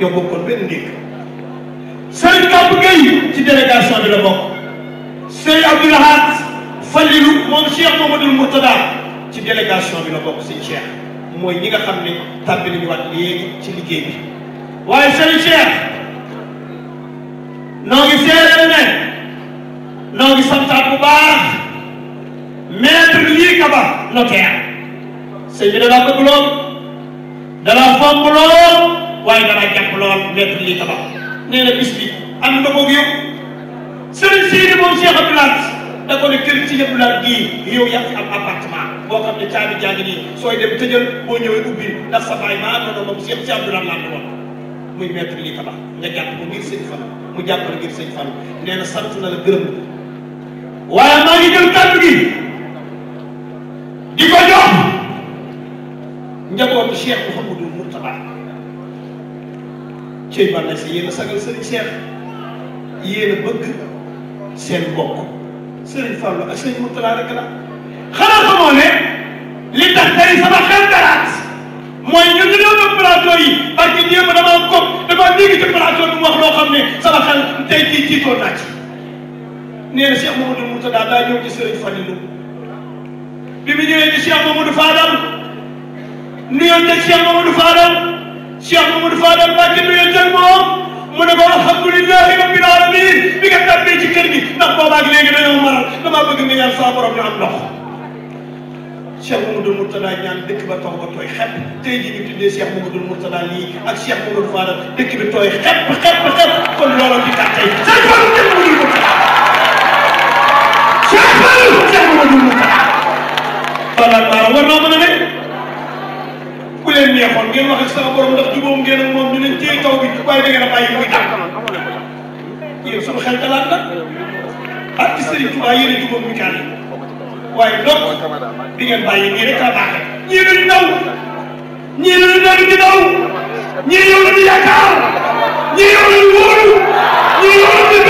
ñoo bokkoon benn ndékk Serigne Kamb Gueye ci délégation bi la bokk Serigne Abdou Lahad Falilou moom Cheikh Mamadou Mourtada ci délégation bi la bokk sëñ Cheikh mooy ñi nga xam ne tàmbali ñu waat léegi ci liggéey bi waaye sëriñ Cheikh noo ngi seedeel ne noo ngi santaat bu baax maître lii Kaba notaire sëñ bi danaa bëgg lool danaa fonk lool waaye danaa jàpp lool maître lii Kaba nee na bis bi am na ko yëpp sëriñ Sidi moom Cheikh Abdoulaye da ko ne kër ci yëpp laal gii yow yaa fi am appartement boo xam ne caabi jaa ngi sooy dem tëjal boo ñëwee ubbi ndax sa maa ngi doon moom Cheikh si Abdoulaye laa ko muy maître lii tabax nga jàpp ko ngir sëñ fan mu jàpp la ngir sëñ fan nee na sant na la gërëm waaye maa ngi jël kàddu gi di ko jox njabootu Cheikh Mouhamadou Mourtada cëy ba na si yéen a sagal sëriñ Cheikh yéen a bëgg seen bokk sëriñ Fallou ak sëriñ Mourtada rek la xanaa xamoo ne li tax tey sama xel daraat mooy ñu plateau yi parce que démb damaa ko damaa dégg ci plateau bi mu wax loo xam ne sama xel tey jii jiitoon naa ci nee na Cheikh Mamadou Moutada daa ñëw ci Serigne Fallilou bi mu ñëwee ci Cheikh Mamadou Fadal nuyoon ak Cheikh Mamadou Fadal Cheikh Mamadou Fadal Mbacke nuyoon ak moom mu ne ko alhamdulilahi rabbil alamin bi nga tàbbee ci kër gi ndax boobaag léegi dañoo maral damaa bëgg nga ñaan saa borom ñu am ndox. Cheikh Mamadou Mourtada ñaan dëkk ba taw ba tooy xepp tey jii ñu tuddee Cheikh Mamadou Mourtada lii ak Cheikh Mamadou Fara dëkk bi tooy xepp xepp xepp kon looloo di tax tey Cheikh Fallou Cheikh Mamadou Mourtada Cheikh Fallou Cheikh Mamadou Mourtada Fala Bara war naa mën a ne ku leen neexoon ngeen wax ak sama borom ndax jubóom ngeen ak moom ñu leen téye taw bi waaye da ngeen a bàyyi muy tàkk yéen suñu xel dalaat la ak Serigne Touba yéen a jubóom ñu kaani waaye donc di ngeen bàyyi ñii rek a baaxee ñii dañu daw ñii dañu daw di daw ñii yow la ñu yaakaar ñii yow la ñu wóolu ñii yow la ñu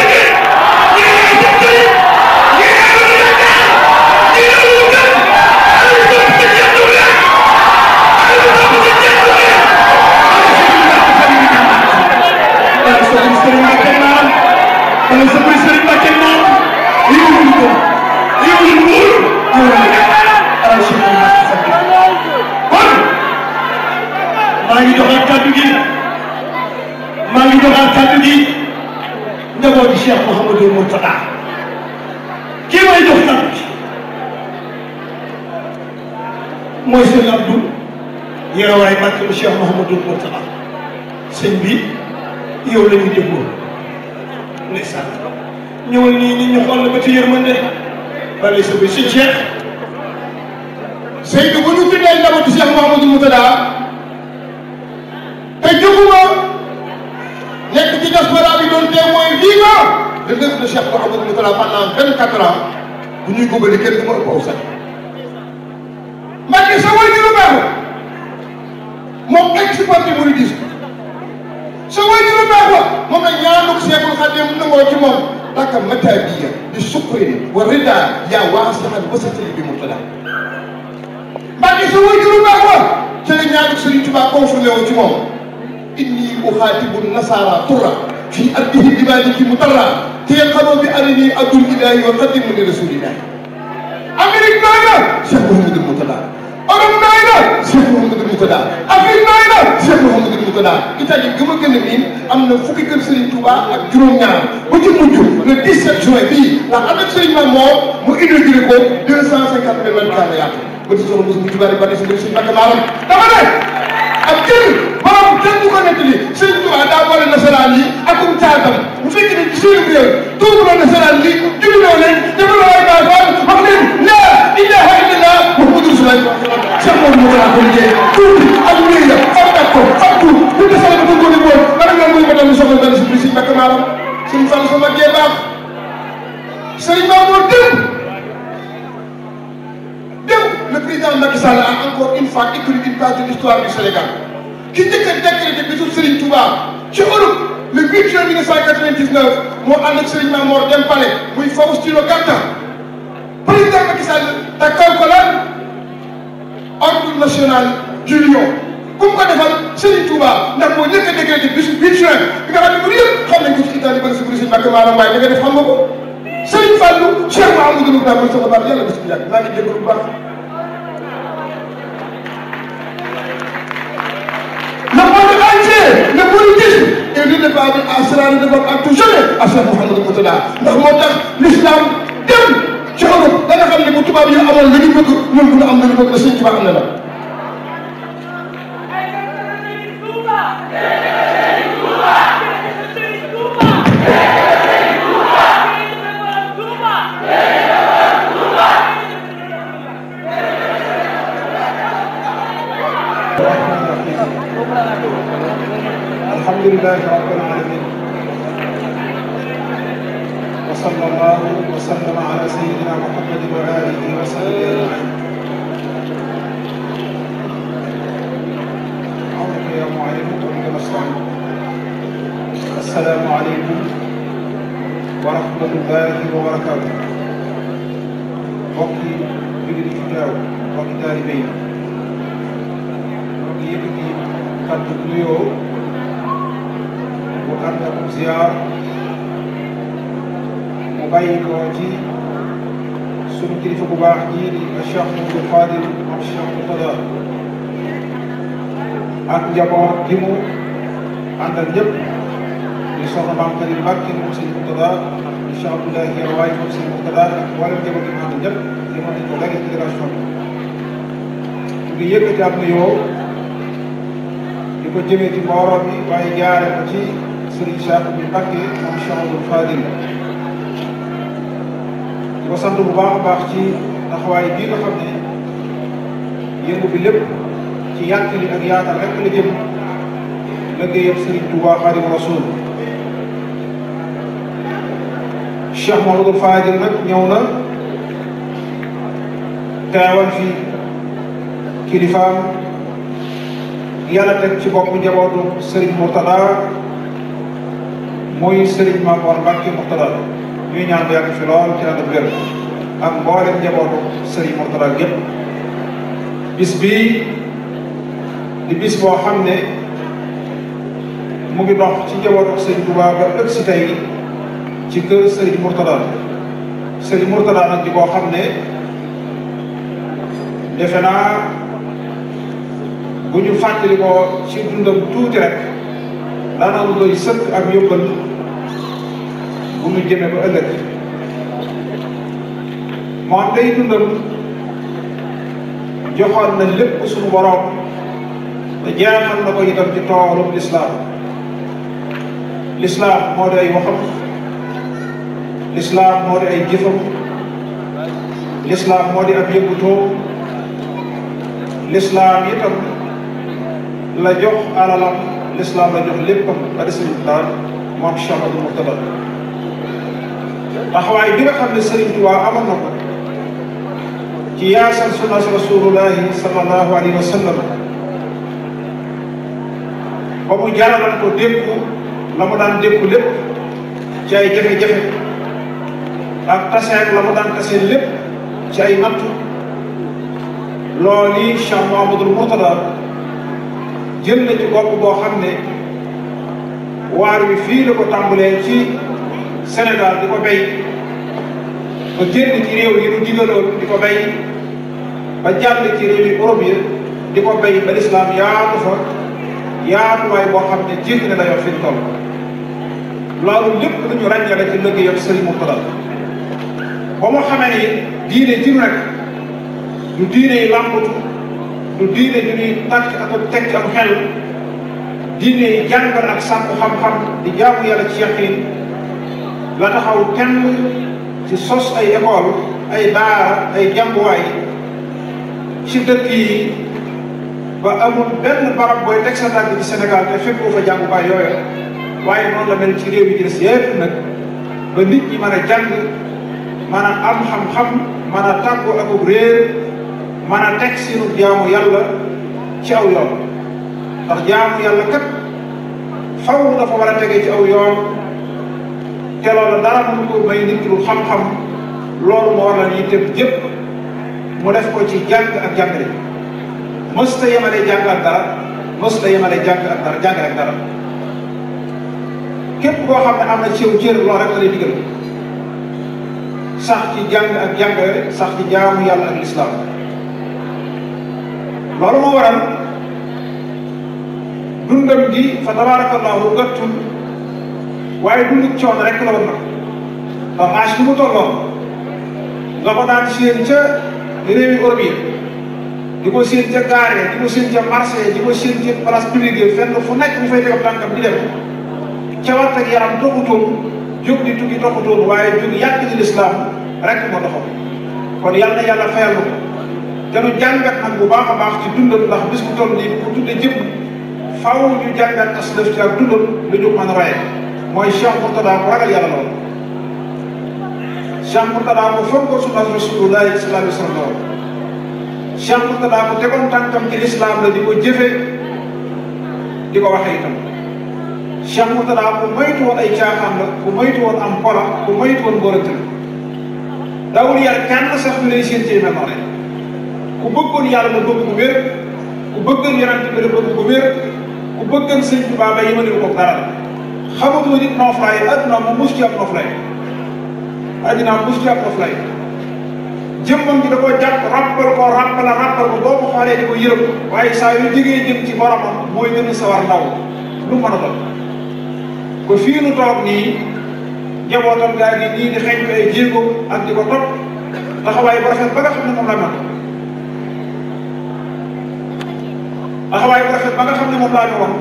maa ngi joxaat kàddu gi maa ngi joxaat kàddu gi njabootu Cheikh Mouhamadou Mourtada kii may jox kàddu gi mooy sëñ Abdou Yerawaay Mbacke mu Cheikh Mouhamadou Mourtada sëñ bi yow la ñu déggoo ndeysaan ñëwal nii nit ñu xool la ba ci yërmande bale sa bi sëñ Cheikh Seydou bu ñu bindee njabootu Cheikh Mouhamadou Mourtada te juguma nekk ci diaspora bi doon témoin vivant le neveu de Cheikh Mouhamadou Moutala pendant vingt quatre ans bu ñuy góobale kenn du ma ëpp aw sax Mbacke sa way juru baax moom exporté mouridisme sa way juru baax moom la ñaanuk Seexul ci moom di sukkuri wa rida yaa waasihan wasatali bi Moutala Mbacke sa way juru baax ci inni uxaatibu nasaara turra fii abdihi dibaani ki mu tarra te xamoo bi arini abdul ilaahi wa xadimu li rasulillahi amérique nooy la cheikh mouhamadou moutada europe nooy la cheikh mouhamadou moutada afrique nooy la cheikh mouhamadou moutada italie gëm a gën a miin am na fukki kër Serigne Touba ak juróom-ñaar ba ci mujj le 17 juin bii la avec Serigne Mamour mu inauguré ko 250 mètres carrés yaatu ba ci soxna Moussa Moussa Moussa Moussa Moussa Moussa Moussa Moussa Moussa Moussa Moussa Moussa Moussa Moussa ab cër borom kenn du ko nekk li sëñ Tuubaa daa boole nasaraan yi akum caatam bu fekkee ne seen réew tuubuloo nasaraan li jubiloo leen defaloo ay baaxoon wax leen laa ilaha illallah muhammadu rasulullah sëñ moom moo laa ko liggéey tuuti ak wéy la ak dakko ak tuub bu desee ko góor góor bala nga muy batal soxla dara si si bakk maaram suñ fan sama gee baax sëñ Mamour Deme déw le président Macky Sall de l'histoire du Sénégal ki njëkk a décrété bisu Serigne Touba ci Europe le 8 juin 1999 moo ànd ak Serigne Mamor dem Palais muy Faustino Gatta président Macky Sall takkal ko lan ordre national du Lion ku mu ko defal Serigne Touba ndax moo njëkk a décrété bisu 8 juin bi nga xam ne bu yëpp xam nañ ko ci Italie ba nga si Serigne Mbacke Maram Mbaye li nga def xam sëñ Fallou Cheikh Mahamadou Moussa mooy sama baal yàlla bis bi yàgg maa ngi jégalu bu baax. le monde entier ne politique et le débat bi asran de bopp ak toujours à Cheikh Mouhamadou Moutala ndax moo tax l'islam dem ci Europe da nga xam ne bu tubaab yi amoon la ñu bëgg ñun bu ñu am la ñu bëgg la sëñ Tuubaa am na la. alhamdulillahi rabbil alamin wa sallallahu wa sallama ala sayyidina muhammadin wa alihi wa sahbihi ajmain assalaamu aleykum wa rahmatullahi wa barakatu mbokki jullit yi teew mbokki taalibe yi mbokki yëkkati kàddu nuyoo bu ànd ak ziar mu bàyyi ko ci suñu kilifa bu baax ji di Cheikh Abdou Khadir ak ak njaboot mu àndal ñëpp di soxna Maam Kari Mbàkke moom sëñ Mourtada di Cheikh Abdoulaye Yawaay moom sëñ Mourtada ak wàllum njaboot gi mu àndal ñëpp ko léegi ci délégation bi di yëkkati ab nuyoo di ko jëmee ci mbooloo mi waaye Serigne Cheikh bi Mbacke moom Cheikhul Khadim di ko sant bu baax a baax ci taxawaay bii nga xam ne yëngu bi lépp ci yàttali ak yaatal rek la jëm liggéeyam Serigne Touba Khadim Rasoul Cheikh Mouhamadou Fadil nag ñëw na teewal fi kilifaam yàlla teg ci bopp njabootu Serigne Mourtada muy Serigne Mame Mor Mbacke Mourtada ñuy ñaan bu ci ànd ak ak mboolem njabootu Serigne Mourtada gépp bis di bis boo xam ne mu ngi dox ci njabootu Serigne Touba ba ëgg tey ci kër Serigne Mourtada Serigne Mourtada nag di koo xam ne defe naa bu ñu fàttali ko ci dundam tuuti rek maanaam doy sëkk ak yóbbal bu ñu jëmee ba ëllëg moom day dundam joxoon na lépp suñu boroom te jeexal na ko itam ci toolum lislaam lislaam moo di ay waxam lislaam moo di ay jëfam lislaam moo di ab yëggutoo lislaam itam la jox alalam l'islam la jox léppam bari sëriñ Tuubaa moom Cheikh Abdou Mourtada taxawaay bi nga ci yaasal sunna rasulullahi sallallahu alayhi wa sallam ba mu jaaraloon ko dékku la mu ak tase ak la mu daan tase lépp jëm na ci bopp boo xam ne waar wi fii la ko tàmbalee ci Sénégal di ko bay ba génn ci réew yi nu digaloon di ko bay ba jàll ci réew yi Europe yi di ko bay ba lislaam yaatu fa yaatuwaay boo xam ne jégg na dayoo fi ñu toll loolu lépp lu ñu ràññale ci liggéeyam Sëriñ Mourtada ba mu xamee ne diine ji rek du diine yi làmbatu du diine du ñuy tàkk ak a teg ci am xel diine yi jàngal ak xam-xam di jaamu yàlla ci yaqiin la taxaw kenn ci sos ay école ay daara ay jànguwaay ci dëkk yi ba amul benn barab booy teg sa tànk ci Sénégal te fekkoo fa jànguwaay yooyu waaye noonu la mel ci réew yi des yépp nag ba nit ñi mën a jàng mën a am xam-xam mën a tàggoo akub réer mën a teg sinu jaamu yàlla ci aw yoon ndax jaamu yàlla kat faw dafa war a tege ci aw yoon te loolu dara mu may nit lu xam-xam loolu moo waral yitteem jëpp mu def ko ci jàng ak jàngale mësta yemale jàng ak dara mësta yemale jàng ak dara jàngale ak dara képp koo xam ne am na ci yow cër loolu rek la lay digal sax ci jàng ak jàngale sax ci jaamu yàlla ak lislaam loolu moo waral dundam gi fa tabaarakallaahu gàttul waaye dundu coono rek la woon na ndax âge bi mu tolloon nga ko ca réewi Europe yi di ko séen ca gaare di ko séen ca marché di ko séen ca place publique fenn fu nekk mu fay dégg tànkam di dem cawarte ak yaram toppatoon jóg di tukki toppatoon waaye jóg yàq ci lislaam rek kon yàlla na yàlla fayal ko te nu jàngat nag bu baax a baax ci dundam ndax bis bu toll nii bu tuddee jëmm faaw ñu jàngat as lëf ci ak dundam lu ñu mën a mooy Cheikh Mourtada bu ragal yàlla lool. Cheikh Mourtada bu fonko sunnas rasulullahi sallallahu alayhi wa sallam lool Cheikh la di ko jëfee di ko waxee itam. Cheikh Mourtada bu moytu woon ay caaxaan la bu moytu woon am pola bu moytu woon góorante la daawul yar kenn sax ñu lay séentee mel noonu ku bëggoon yàlla na bëgg bu wér ku bëggoon yonent bi na bëgg bu wér ku bëggoon sëñ Tuubaa ba yemale ko dara xamatuma nit noflaay adduna mu mus ci ab noflaay adduna mu mus ci ab noflaay jëmmam ji da koo jàpp rappal ko rappal rappal ko boo ko xoolee di ko yërëm waaye saa yu jigee jëm ci boromam mooy gën a sawar ndaw lu mën a doon ko fii nu toog nii njabootam gaa ngi nii di xeeñ ko ay jéego ak di ko topp taxawaay bu rafet ba nga xam ne moom la mel taxawaay bu rafet ba nga xam ne moom laa ñu wax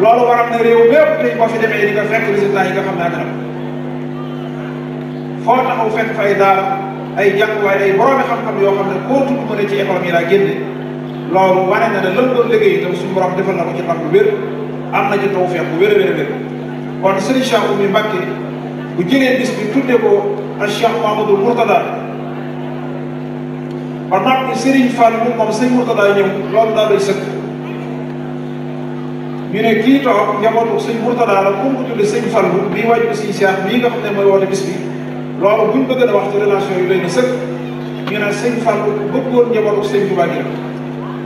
loolu waral na réew mépp dañ ko fi demee di nga fekk résultat yi nga xam naa dara foo taxaw fekk fa ay daara ay jànguwaay ay boroomi xam-xam yoo xam ne koo tudd mën a ci économie laa génne loolu wane na ne lan doon liggéey itam suñu borom defal na ko ci ndam bu wér am na ci tawfeex bu wér a wér a wér kon sëriñ Cheikh Oumy Mbacké bu jëlee bis bi tuddee ko ak Cheikh Mamadou Mourtada ba noppi sëriñ Fall moom sëriñ Mourtada ñëw loolu daal day sëkk ñu ne kii toog njabootu sëñ Murtada la ku mu tudde sëñ Fallu bii waaju sëñ Cheikh bii nga ne mooy woote bis bi loolu buñ bëgg a wax ci relation yu doy na sëkk ñu ne sëñ Fallu ku bëggoon njabootu sëñ Tuubaa gi la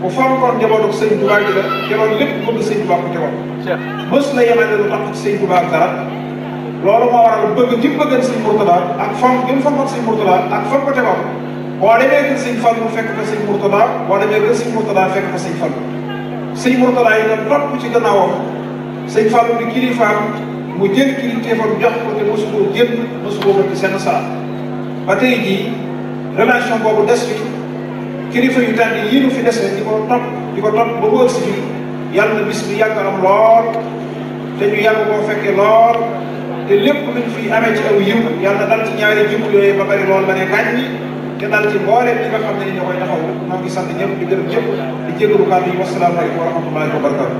ku fonkoon njabootu sëñ Tuubaa gi la te loolu lépp bëgg sëñ Tuubaa la yemale lu tax sëñ bëgg gi bëggan sëñ Murtada ak fonk gi mu fonkoon sëñ Murtada ak fonk ko tegoon boo demee kër sëñ Fallu fekk fa sëñ Murtada boo demee kër sëñ Murtada fekk fa sëñ Fallu sëñ Mourtala yi nag topp ci gannaawam sëñ Fallou di kilifaam mu jël kilifteefam jox ko te mosu koo jël mosu koo bëgg seen saal ba tey jii relation boobu des fi kilifa yu tànn yii nu fi dese di ko topp di ko topp ba wër si fii yàlla bi yàgg am lool te ñu yàgg koo fekkee lool te lépp luñ fi amee ci aw yiw yàlla dal ci ñaari jublu ba bari lool ba ne gàññi te daal ci mbooleem ñi nga xam ne ñoo koy taxaw ñoo ngi sant ñëpp di gërëm ñëpp di jégalu kàddu yi wasalaamaaleykum wa rahmatullahi wa barakatu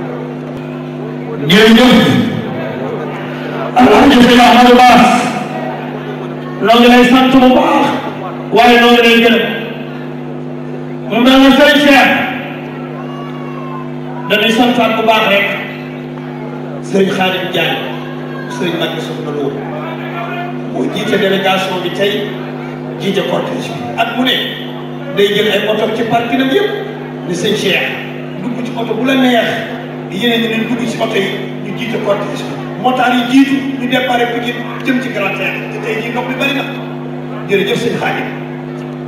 jërëjëf alhamdulilah Amadou Bass noo ngi lay sant bu baax waaye noo ngi lay gërëm mu mel na sëriñ Cheikh dañuy santaat bu baax rek sëriñ Khadim Diagne sëriñ Mbacke Soxna Lo moo jiite délégation bi tey jiite cortège bi at mu ne day jël ay oto ci parking am yëpp ni sëñ Cheikh dugg ci oto bu la neex yeneen ñi ne dugg ci oto yi ñu jiite cortège bi motaar yi jiitu ci Grand Théâtre te tey jii ndox bi bëri na jërëjëf sëñ Xaadim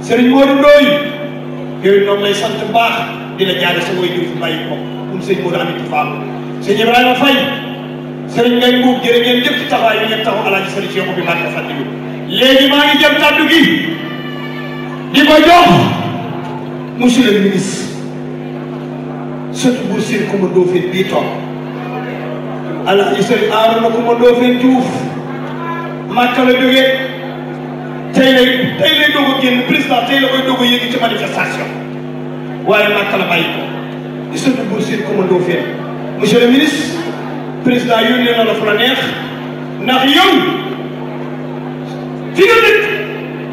sëriñ Modou Ndoye yooyu noonu lay sant bu baax di la fi bàyyi ko um sëñ Modou Amity Fall sëñ Ibrahima Faye sëriñ Ngay Mbuub jërë ngeen jëf ci taxawaay yi ngeen taxaw alaaji sëriñ Cheikh bi Mbacke Fadilou léegi maa ngi jëm kàddu gi di ko jox monsieur le ministre surtout bu sir ku ma doofin bii toog alaaji sëriñ Aaruna ku ma doofin Diouf màkka la tey lay tey lay doog a président tey la koy doog a yéegi ci manifestation waaye màkka la bàyyi ko di surtout bu sir ku ma doofin monsieur le ministre président yónnee na la neex ndax yow fi nga dëkk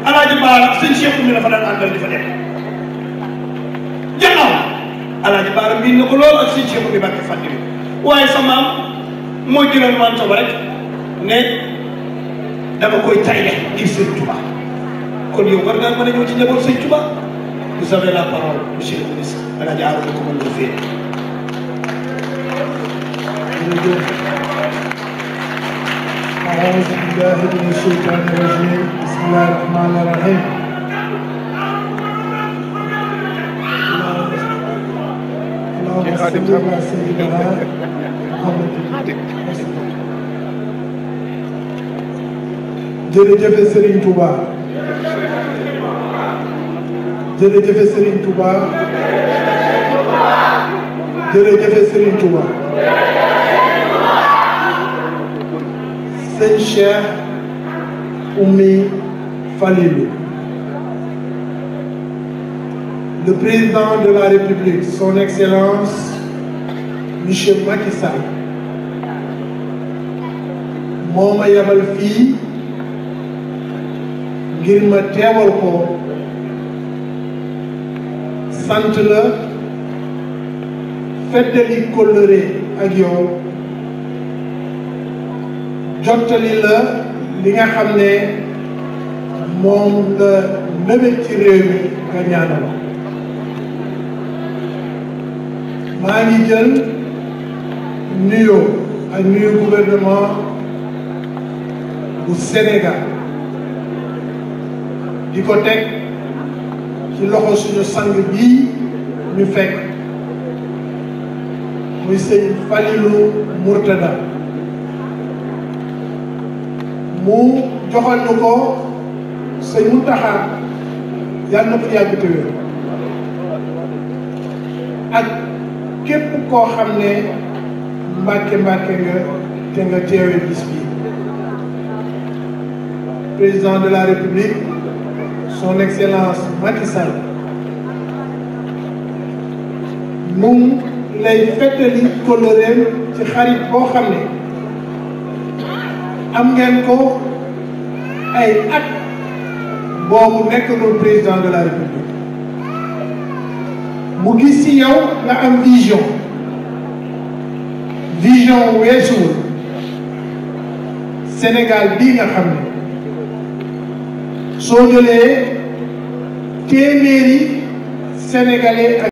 alaaji baara sëñ Cheikh mi dafa daan àndal di fa dem jaxaw alaaji baara miin na ko lool ak sëñ Cheikh mi bàkke fàttali waaye sa maam moo jëloon maam Soba rek ne dama koy tayle ngir sëñ Touba kon yow war ngaa mën a ñëw ci njaboot sëñ Touba vous avez la parole monsieur le ministre alaaji aar ko mën nga أعوذ بالله من الشيطان الرجيم بسم الله الرحمن الرحيم اللهم صل على سيدنا محمد jërëjëf Serigne Touba jërëjëf Serigne Touba jërëjëf Serigne Touba sëñ Cheikh Oumy Falilou le président de la République son excellence monsieur Macky Sall moo ma yabal fii ngir ma teewal ko sant la jottali la li nga xam ne moom la nëbët ci réew mi nga ñaanal maa ngi jël nuyoo ak nuyu gouvernement bu Sénégal di ko teg ci loxo suñu sang bii ñu fekk muy sëñ Falilou Mourtada mu joxal ñu ko sëñ Muntaxa yàlla na ko ak képp koo xam ne mbàkke mbàkke nga te nga teewee bis président de la république son excellence Macky Sall mu lay fettali kóllëreem ci xarit boo xam ne am ngeen ko ay at boobu nekkagul président de la république mu gis ci yow nga am vision vision weesuwul Sénégal bii nga xam ne soo jëlee téeméeri sénégalais